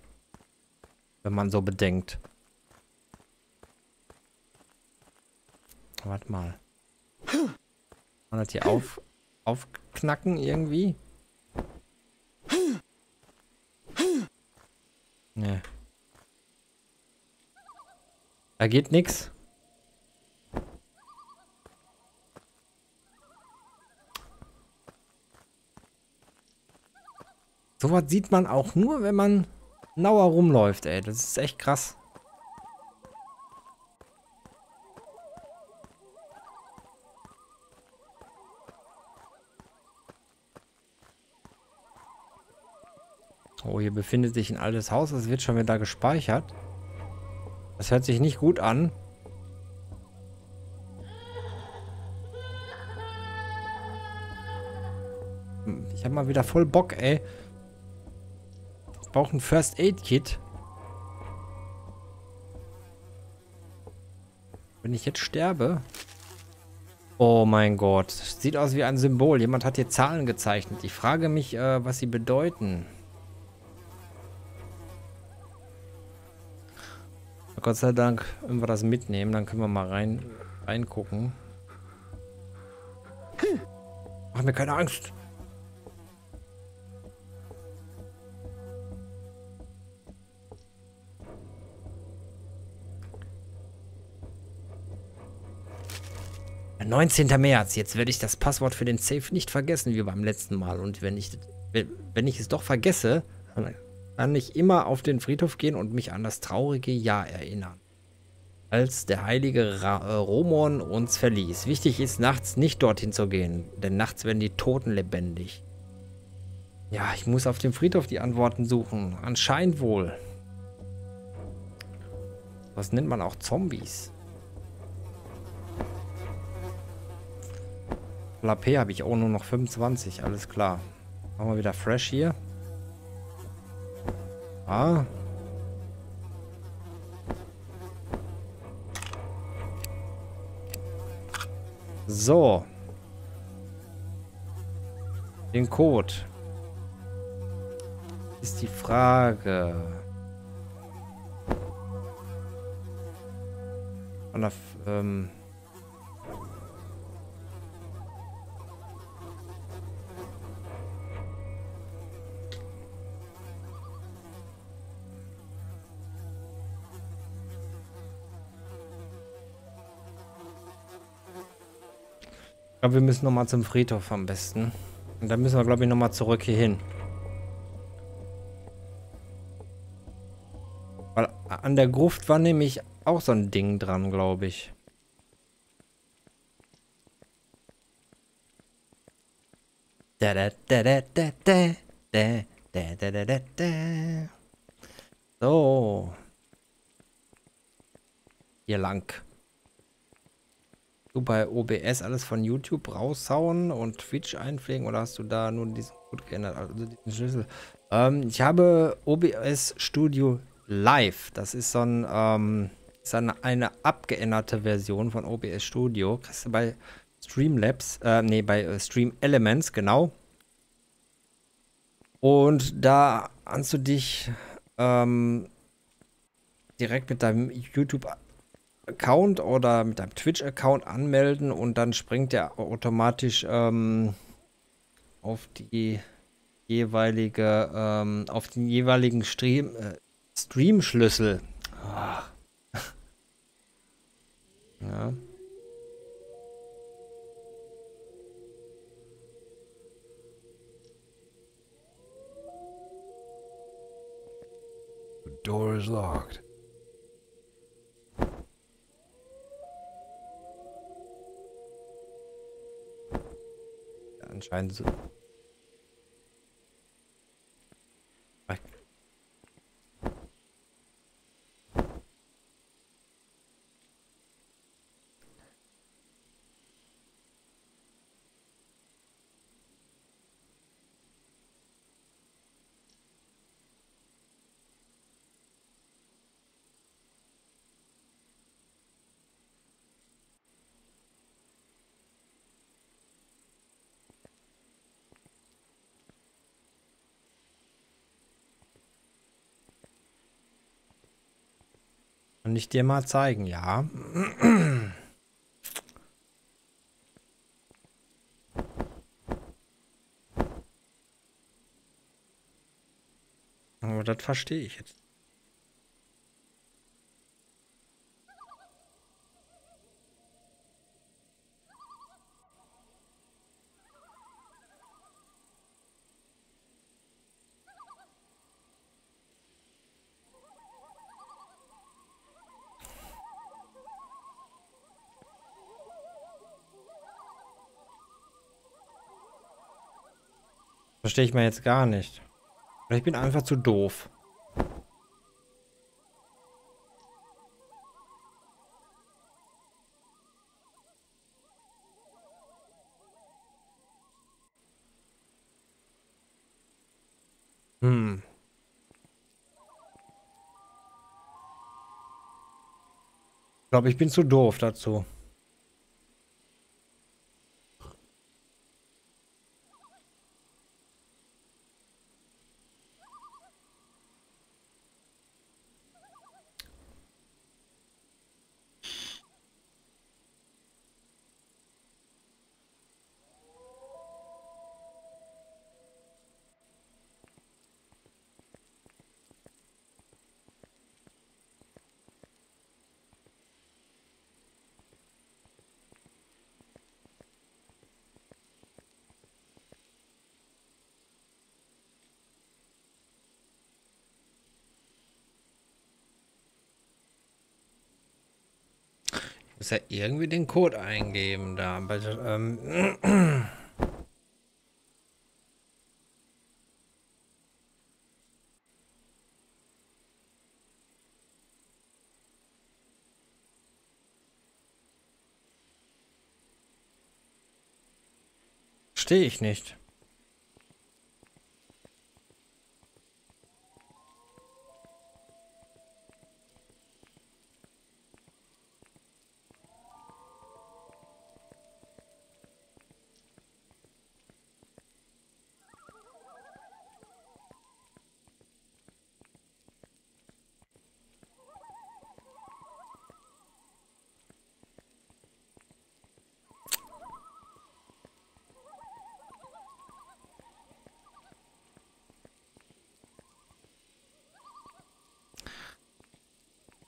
Wenn man so bedenkt. warte mal. Kann man das hier auf, aufknacken irgendwie? Ne. Da geht nix. Sowas sieht man auch nur, wenn man nauer rumläuft, ey. Das ist echt krass. Oh, hier befindet sich ein altes Haus. Es wird schon wieder gespeichert. Das hört sich nicht gut an. Hm, ich habe mal wieder voll Bock, ey. Ich brauche ein First Aid Kit. Wenn ich jetzt sterbe... Oh mein Gott. Sieht aus wie ein Symbol. Jemand hat hier Zahlen gezeichnet. Ich frage mich, äh, was sie bedeuten. Gott sei Dank wenn wir das mitnehmen. Dann können wir mal rein reingucken. Mach mir keine Angst. Der 19. März. Jetzt werde ich das Passwort für den Safe nicht vergessen, wie beim letzten Mal. Und wenn ich, wenn ich es doch vergesse, dann kann ich immer auf den Friedhof gehen und mich an das traurige Jahr erinnern, als der heilige Ra äh, Romon uns verließ. Wichtig ist, nachts nicht dorthin zu gehen, denn nachts werden die Toten lebendig. Ja, ich muss auf dem Friedhof die Antworten suchen. Anscheinend wohl. Was nennt man auch Zombies? Lapé habe ich auch nur noch 25, alles klar. Machen wir wieder fresh hier. Ah. So. Den Code. Ist die Frage. Von der, ähm, glaube, wir müssen nochmal zum Friedhof am besten. Und dann müssen wir, glaube ich, nochmal zurück hier hin. Weil an der Gruft war nämlich auch so ein Ding dran, glaube ich. Da da da da da da da da da da da So. Hier lang du bei OBS alles von YouTube raushauen und Twitch einpflegen oder hast du da nur diesen Code geändert, also diesen Schlüssel? Ähm, ich habe OBS Studio Live. Das ist so ein, ähm, ist eine, eine, abgeänderte Version von OBS Studio. Kriegst du bei Streamlabs, äh, nee, bei äh, Stream Elements, genau. Und da kannst du dich ähm, direkt mit deinem YouTube Account oder mit einem Twitch-Account anmelden und dann springt er automatisch ähm, auf die jeweilige, ähm, auf den jeweiligen Stream, äh, Stream-Schlüssel. Oh. ja. The door is locked. anscheinend Kann ich dir mal zeigen, ja. Aber das verstehe ich jetzt. Verstehe ich mir jetzt gar nicht. Oder ich bin einfach zu doof. Hm. Ich glaube, ich bin zu doof dazu. Muss ja irgendwie den Code eingeben da. Aber, ähm, Verstehe ich nicht.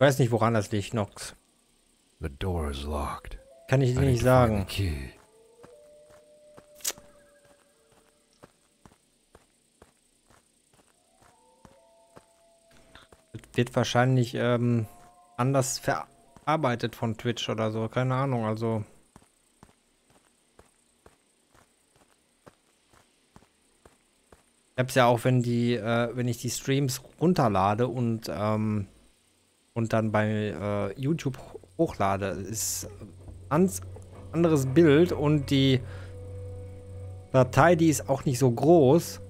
weiß nicht, woran das liegt, Nox. The door is locked. Kann ich dir nicht sagen. Wird wahrscheinlich ähm, anders verarbeitet von Twitch oder so. Keine Ahnung, also. Ich hab's ja auch, wenn die, äh, wenn ich die Streams runterlade und ähm, und dann bei äh, YouTube hochlade, ist ein anderes Bild und die Datei, die ist auch nicht so groß.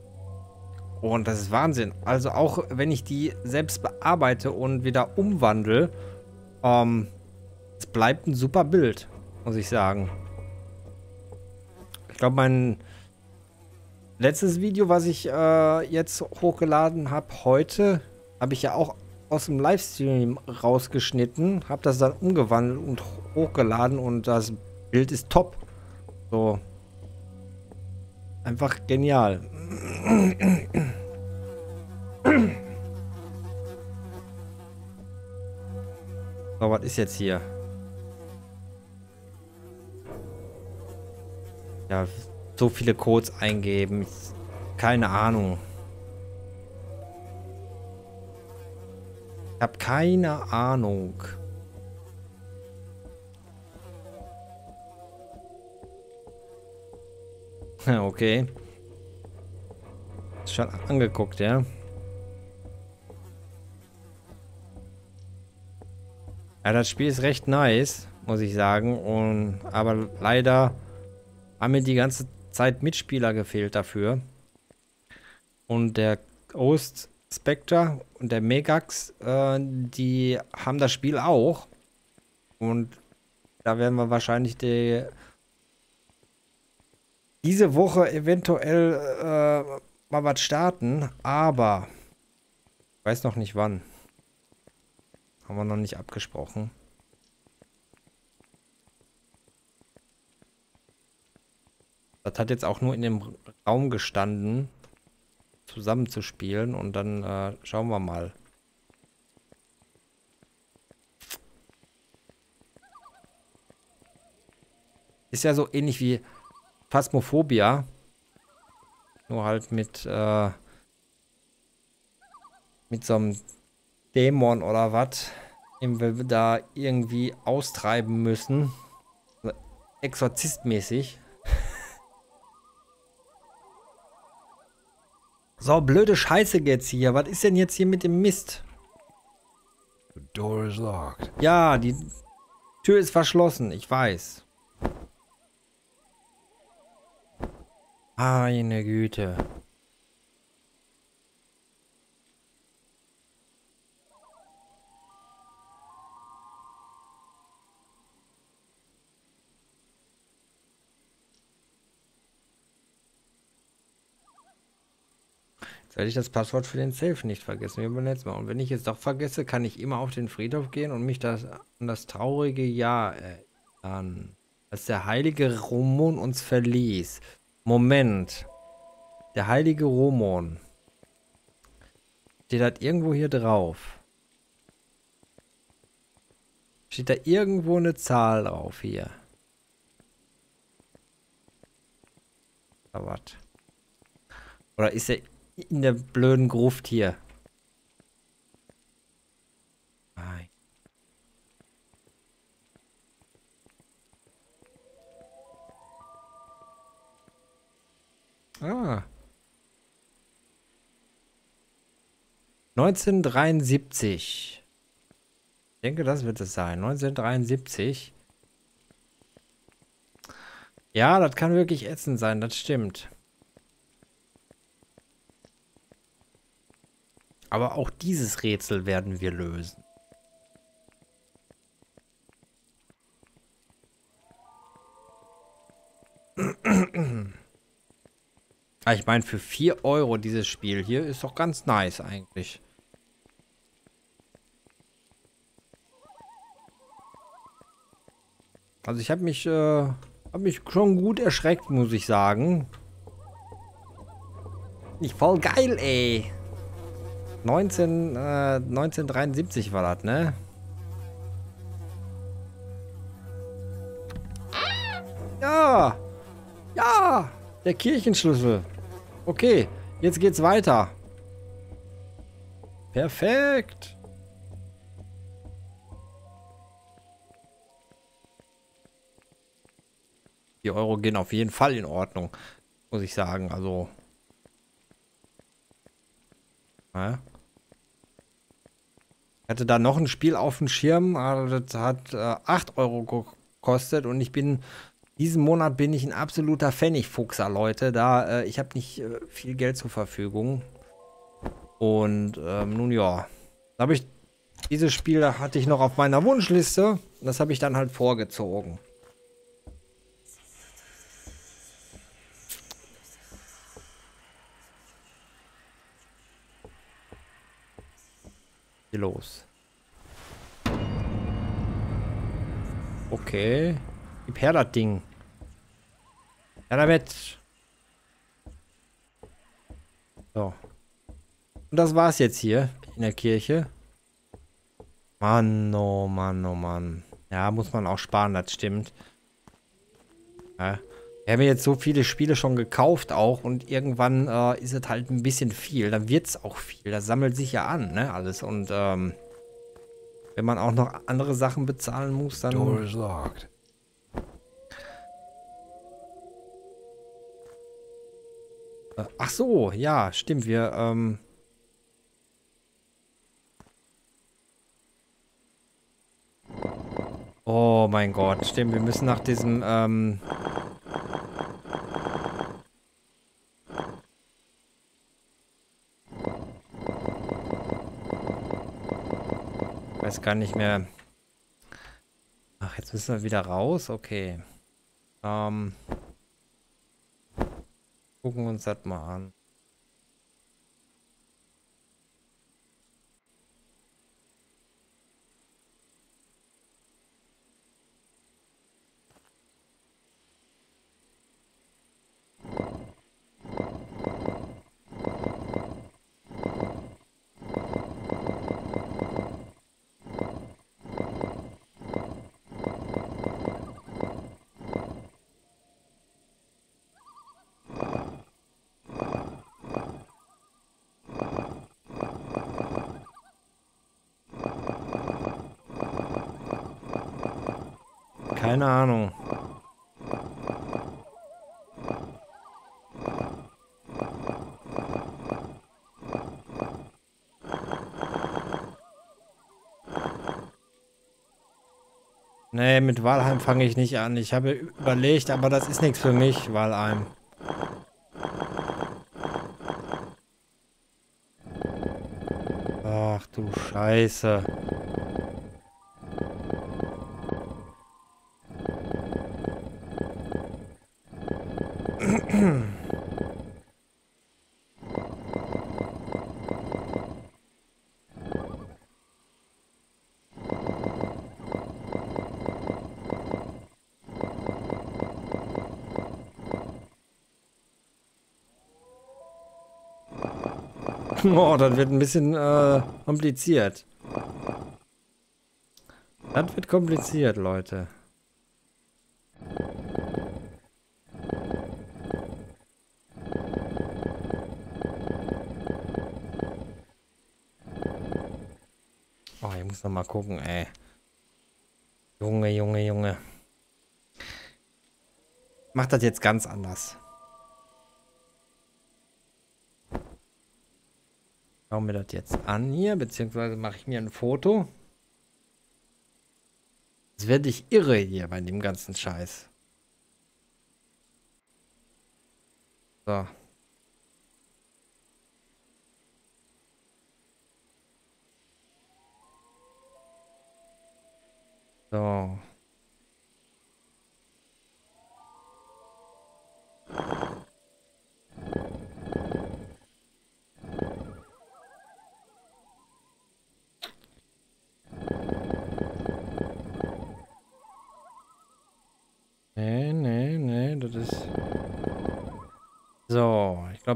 Und das ist Wahnsinn. Also auch wenn ich die selbst bearbeite und wieder umwandle, ähm, es bleibt ein super Bild, muss ich sagen. Ich glaube, mein letztes Video, was ich äh, jetzt hochgeladen habe, heute, habe ich ja auch aus dem Livestream rausgeschnitten, habe das dann umgewandelt und hochgeladen und das Bild ist top. So. Einfach genial. So, was ist jetzt hier? Ja, so viele Codes eingeben. Keine Ahnung. Ich habe keine Ahnung. okay. Ist schon angeguckt, ja. Ja, das Spiel ist recht nice, muss ich sagen. Und, aber leider haben mir die ganze Zeit Mitspieler gefehlt dafür. Und der Ghost Spectre und der Megax, äh, die haben das Spiel auch. Und da werden wir wahrscheinlich die, diese Woche eventuell äh, mal was starten, aber ich weiß noch nicht wann. Haben wir noch nicht abgesprochen. Das hat jetzt auch nur in dem Raum gestanden zusammenzuspielen und dann äh, schauen wir mal. Ist ja so ähnlich wie Phasmophobia. Nur halt mit, äh, mit so einem Dämon oder was. Den wir da irgendwie austreiben müssen. Also Exorzistmäßig. So, blöde Scheiße geht's hier. Was ist denn jetzt hier mit dem Mist? The door is locked. Ja, die Tür ist verschlossen, ich weiß. Meine Güte. werde ich das Passwort für den Safe nicht vergessen, wie beim letzten Mal. Und wenn ich es doch vergesse, kann ich immer auf den Friedhof gehen und mich das, an das traurige Jahr erinnern, als der heilige Romon uns verließ. Moment. Der heilige Romon. Steht das irgendwo hier drauf? Steht da irgendwo eine Zahl drauf hier? Aber was? Oder ist er in der blöden Gruft hier. Nein. Ah. 1973. Ich denke, das wird es sein. 1973. Ja, das kann wirklich ätzend sein, das stimmt. Aber auch dieses Rätsel werden wir lösen. Ah, ich meine, für 4 Euro dieses Spiel hier ist doch ganz nice eigentlich. Also ich habe mich, äh, hab mich schon gut erschreckt, muss ich sagen. Nicht voll geil, ey. 19, äh, 1973 war das, ne? Ja! Ja! Der Kirchenschlüssel. Okay, jetzt geht's weiter. Perfekt. Die Euro gehen auf jeden Fall in Ordnung, muss ich sagen. Also. Ja hatte da noch ein Spiel auf dem Schirm, das hat äh, 8 Euro gekostet und ich bin, diesen Monat bin ich ein absoluter Pfennigfuchser, Leute, da äh, ich habe nicht äh, viel Geld zur Verfügung. Und ähm, nun ja, da habe ich, dieses Spiel hatte ich noch auf meiner Wunschliste, und das habe ich dann halt vorgezogen. Hier los. Okay. Gib her das Ding. Ja, damit. So. Und das war's jetzt hier in der Kirche. Mann, oh Mann, oh Mann. Ja, muss man auch sparen, das stimmt. Ja wir haben jetzt so viele Spiele schon gekauft auch und irgendwann äh, ist es halt ein bisschen viel. Dann wird es auch viel. Das sammelt sich ja an, ne, alles. Und ähm, wenn man auch noch andere Sachen bezahlen muss, dann... Door is locked. Äh, ach so, ja, stimmt. Wir, ähm Oh mein Gott, stimmt. Wir müssen nach diesem, ähm Weiß gar nicht mehr. Ach, jetzt müssen wir wieder raus? Okay. Ähm, gucken wir uns das mal an. Keine Ahnung. Nee, mit Walheim fange ich nicht an. Ich habe überlegt, aber das ist nichts für mich, Walheim. Ach du Scheiße. Oh, das wird ein bisschen äh, kompliziert. Das wird kompliziert, Leute. Oh, ich muss noch mal gucken, ey. Junge, Junge, Junge. Macht das jetzt ganz anders. schaue mir das jetzt an hier, beziehungsweise mache ich mir ein Foto. Jetzt werde ich irre hier bei dem ganzen Scheiß. So.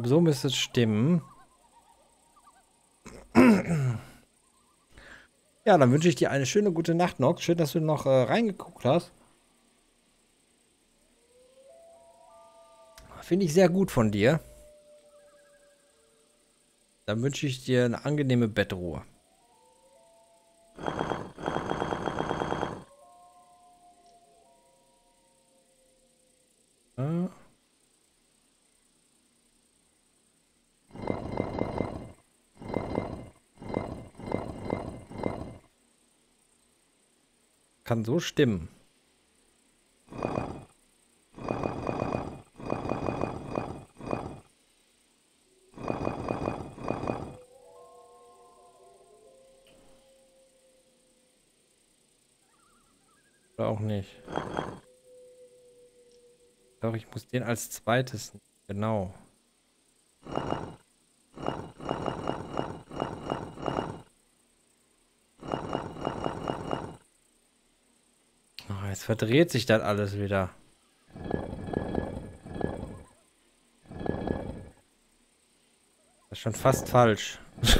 glaube, so müsste es stimmen. Ja, dann wünsche ich dir eine schöne gute Nacht noch. Schön, dass du noch äh, reingeguckt hast. Finde ich sehr gut von dir. Dann wünsche ich dir eine angenehme Bettruhe. kann so stimmen. Oder auch nicht. Doch, ich muss den als zweites. Genau. verdreht sich dann alles wieder. Das ist schon fast falsch.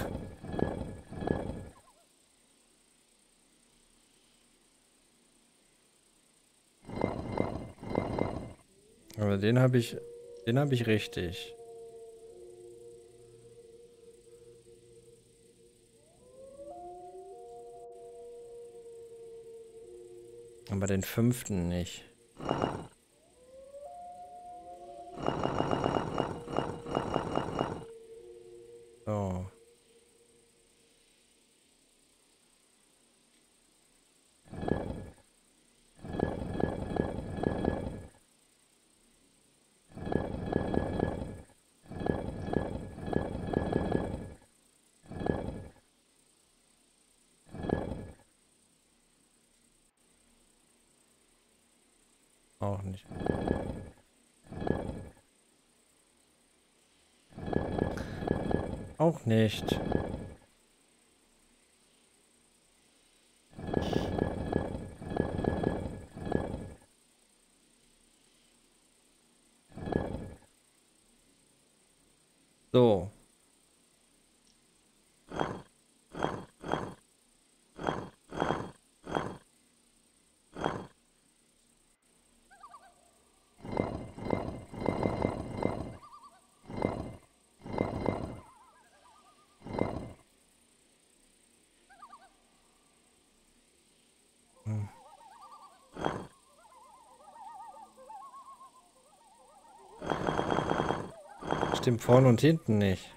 Aber den habe ich, den habe ich richtig. aber den fünften nicht. nieść dem vorne und hinten nicht.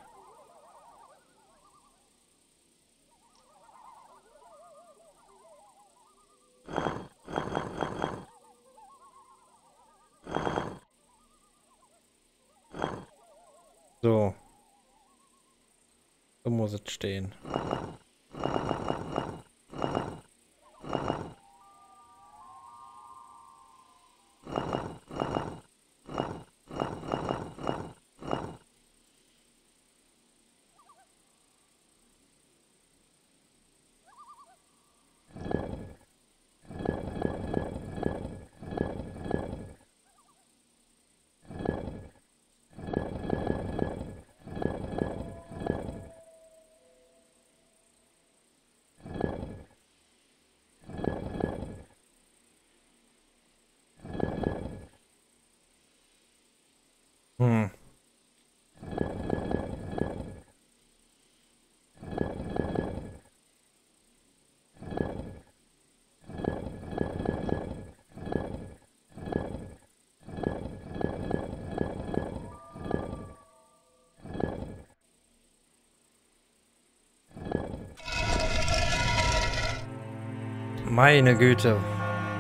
Meine Güte.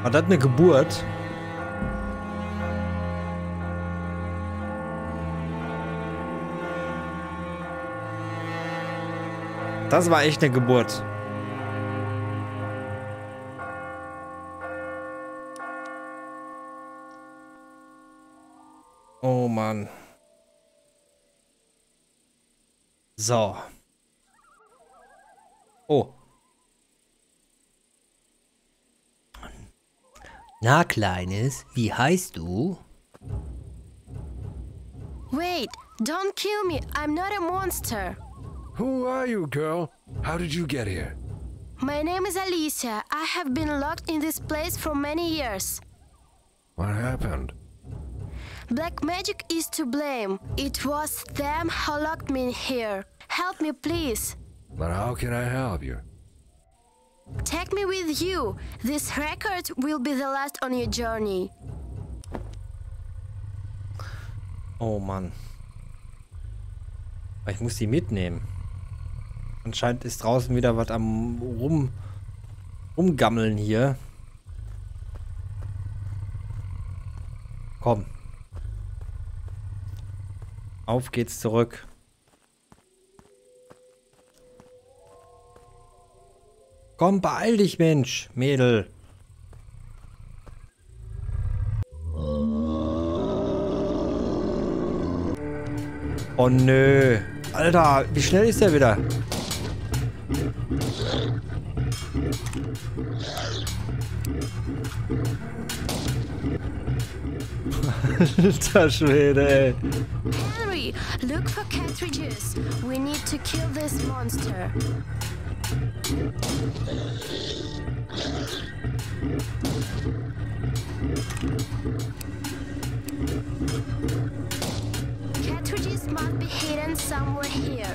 War das eine Geburt? Das war echt eine Geburt. Oh Mann. So. Oh. Na, Kleines, wie heißt du? Wait, don't kill me. I'm not a monster. Who are you, girl? How did you get here? My name is Alicia. I have been locked in this place for many years. What happened? Black magic is to blame. It was them who locked me in here. Help me, please. But how can I help you? Take me with you. This record will be the last on your journey. Oh Mann. Ich muss sie mitnehmen. Anscheinend ist draußen wieder was am rum rumgammeln hier. Komm. Auf geht's zurück. Komm, beeil dich, Mensch, Mädel. Oh nö. Alter, wie schnell ist der wieder? Alter Schwede, ey. Harry, look for cartridges. We need to kill this monster. Cartridges must be hidden somewhere here.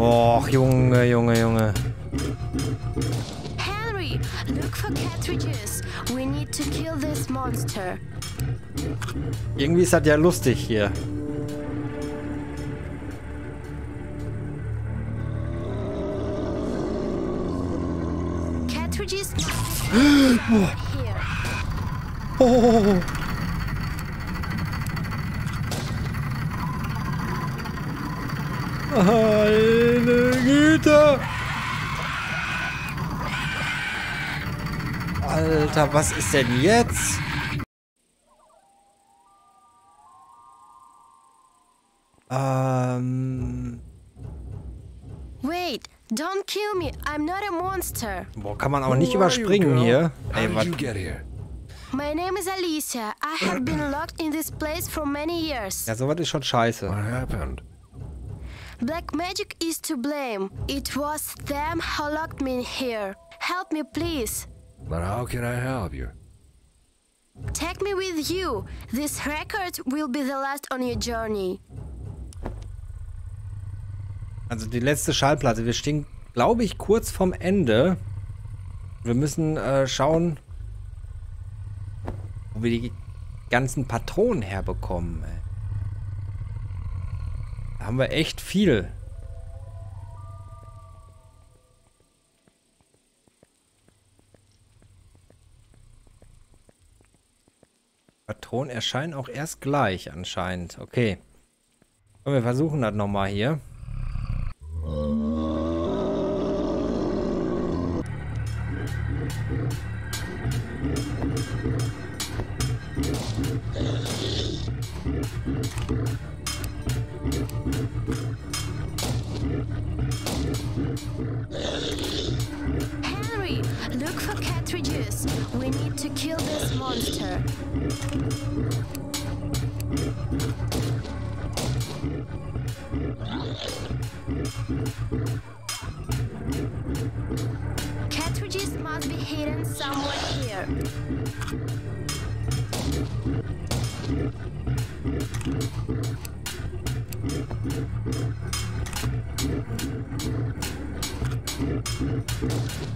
Oh, Junge, Junge, Junge. Henry, look for cartridges. We need to kill this monster. Irgendwie ist das ja lustig hier. Oh. Oh. Meine Güte! Alter, was ist denn jetzt? Um, Wait, don't kill me. I'm not a monster. Boah, kann man auch nicht Who überspringen hier. Ey, here? My name is Alicia. I have been locked in this place for many years. Ja, sowas ist schon scheiße. What happened? Black magic is to blame. It was them who locked me in here. Help me, please. But how can I help you? Take me with you. This record will be the last on your journey. Also die letzte Schallplatte. Wir stehen, glaube ich, kurz vorm Ende. Wir müssen äh, schauen, wo wir die ganzen Patronen herbekommen. Da haben wir echt viel. Patronen erscheinen auch erst gleich anscheinend. Okay. Und wir versuchen das nochmal hier. Harry, look for cartridges. We need to kill this monster.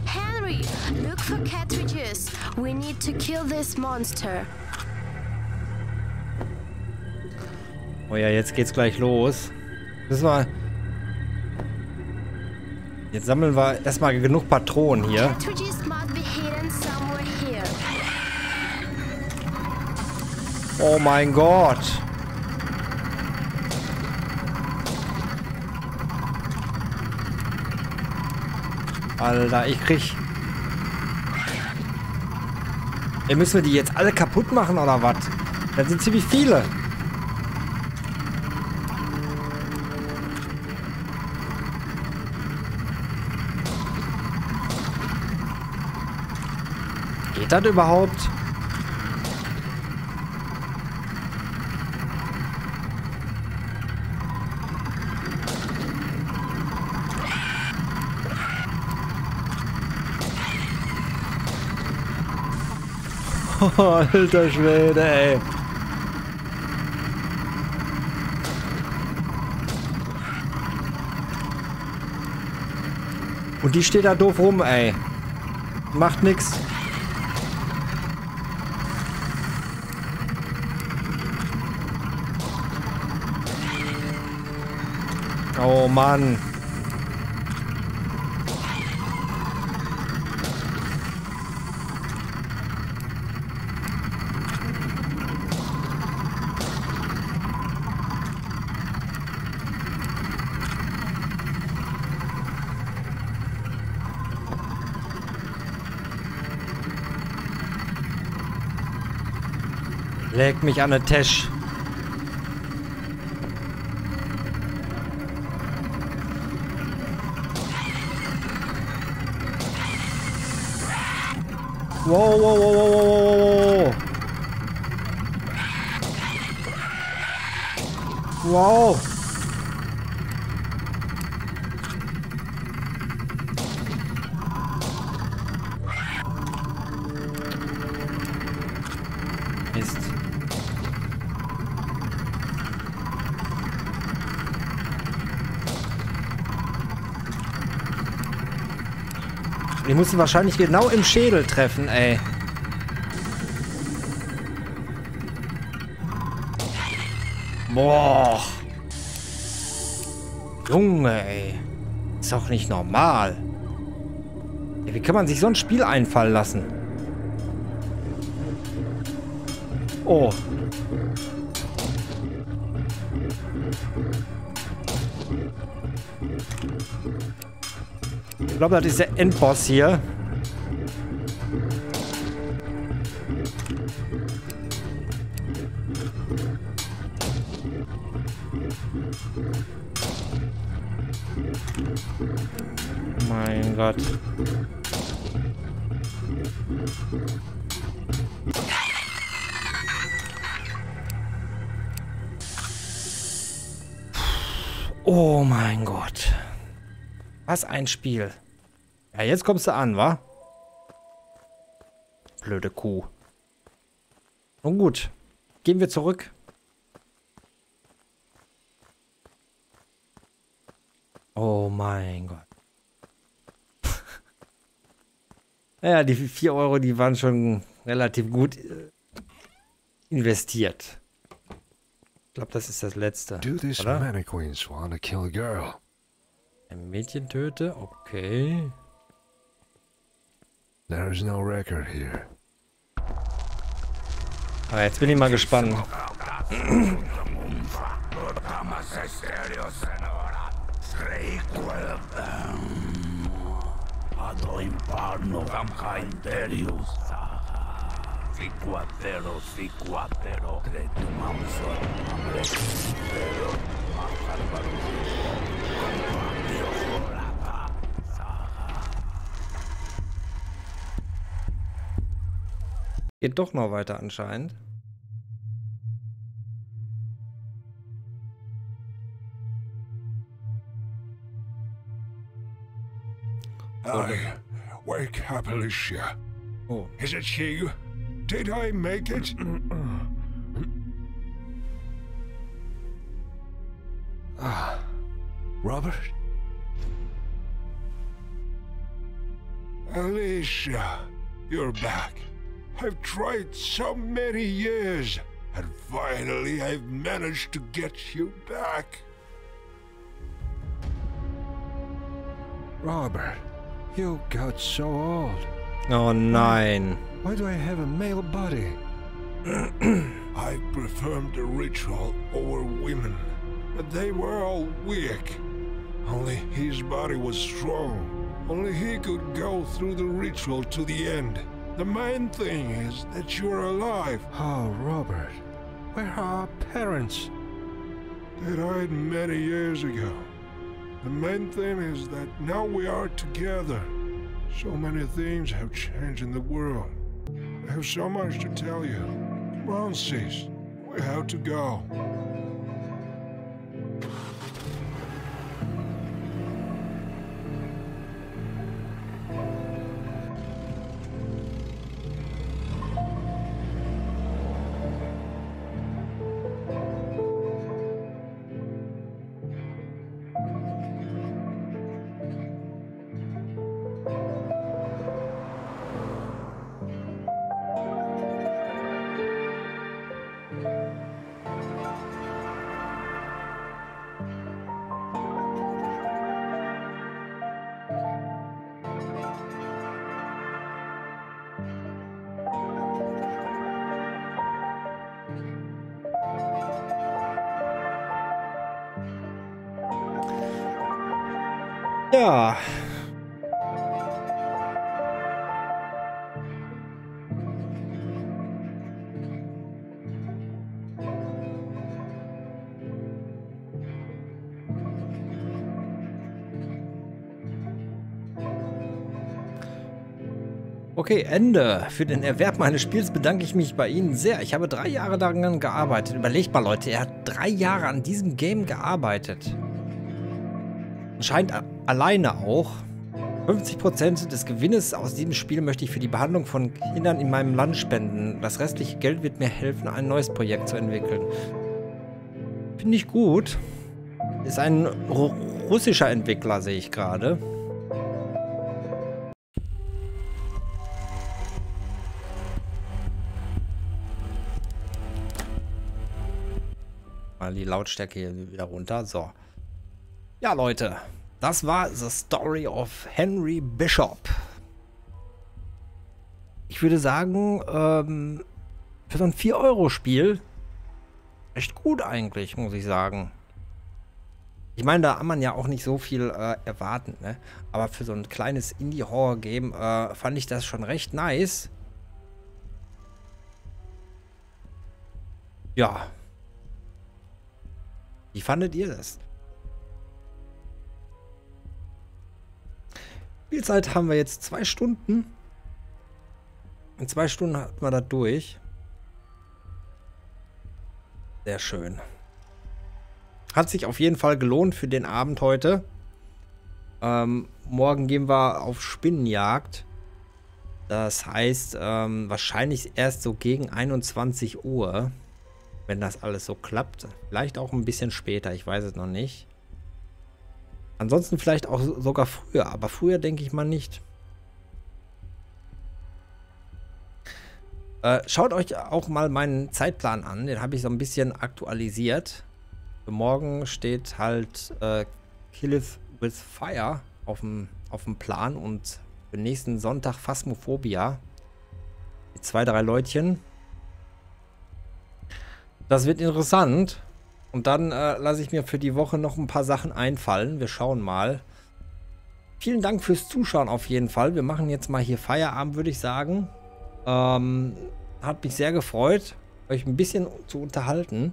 Henry, look for cartridges. We need to kill this monster. Oh ja, jetzt geht's gleich los. Müssen wir... Jetzt sammeln wir erstmal genug Patronen hier. Cartridges Oh mein Gott. Alter, ich krieg... Ey, müssen wir die jetzt alle kaputt machen oder was? Das sind ziemlich viele. Geht das überhaupt? Alter Schwede, ey. Und die steht da doof rum, ey. Macht nix. Oh Mann. Leck mich an der Tesch. Wow, wow, wow. muss ihn wahrscheinlich genau im Schädel treffen, ey. Boah. Junge, ey. Ist doch nicht normal. wie kann man sich so ein Spiel einfallen lassen? Oh, glaube, das ist der Endboss hier. Mein Gott. Oh mein Gott. Was ein Spiel. Ja, jetzt kommst du an, wa? Blöde Kuh. Nun gut. Gehen wir zurück. Oh mein Gott. naja, die 4 Euro, die waren schon relativ gut äh, investiert. Ich glaube, das ist das letzte. oder? Ein Mädchen töte? Okay. There is no record here. Aber jetzt bin ich mal gespannt. Geht doch noch weiter anscheinend. I wake Alicia. Oh. Is it she? Did I make it? ah, Robert? Alicia, you're back. I've tried so many years, and finally I've managed to get you back. Robert, you got so old. Oh, nine. Why do I have a male body? I performed a ritual over women, but they were all weak. Only his body was strong. Only he could go through the ritual to the end. The main thing is that you're alive. Oh, Robert, where are our parents? They died many years ago. The main thing is that now we are together. So many things have changed in the world. I have so much to tell you. Come on, sis, we have to go. Okay, Ende. Für den Erwerb meines Spiels bedanke ich mich bei Ihnen sehr. Ich habe drei Jahre daran gearbeitet. Überlegt mal, Leute, er hat drei Jahre an diesem Game gearbeitet. Scheint alleine auch. 50% des Gewinnes aus diesem Spiel möchte ich für die Behandlung von Kindern in meinem Land spenden. Das restliche Geld wird mir helfen, ein neues Projekt zu entwickeln. Finde ich gut. Ist ein russischer Entwickler, sehe ich gerade. Mal die Lautstärke hier wieder runter. So. Ja, Leute. Das war The Story of Henry Bishop. Ich würde sagen, ähm, für so ein 4-Euro-Spiel echt gut eigentlich, muss ich sagen. Ich meine, da kann man ja auch nicht so viel äh, erwarten, ne? Aber für so ein kleines Indie-Horror-Game äh, fand ich das schon recht nice. Ja. Wie fandet ihr das? Spielzeit haben wir jetzt zwei Stunden. In zwei Stunden hat man das durch. Sehr schön. Hat sich auf jeden Fall gelohnt für den Abend heute. Ähm, morgen gehen wir auf Spinnenjagd. Das heißt, ähm, wahrscheinlich erst so gegen 21 Uhr, wenn das alles so klappt. Vielleicht auch ein bisschen später, ich weiß es noch nicht. Ansonsten vielleicht auch sogar früher, aber früher denke ich mal nicht. Äh, schaut euch auch mal meinen Zeitplan an, den habe ich so ein bisschen aktualisiert. Für morgen steht halt äh, Killeth with Fire auf dem, Plan und für nächsten Sonntag Phasmophobia. Mit zwei, drei Leutchen. Das wird interessant. Und dann äh, lasse ich mir für die Woche noch ein paar Sachen einfallen. Wir schauen mal. Vielen Dank fürs Zuschauen auf jeden Fall. Wir machen jetzt mal hier Feierabend, würde ich sagen. Ähm, hat mich sehr gefreut, euch ein bisschen zu unterhalten.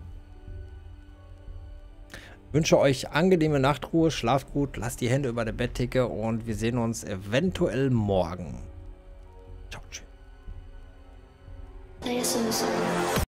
wünsche euch angenehme Nachtruhe, schlaft gut, lasst die Hände über der Bettdecke und wir sehen uns eventuell morgen. Ciao, tschüss.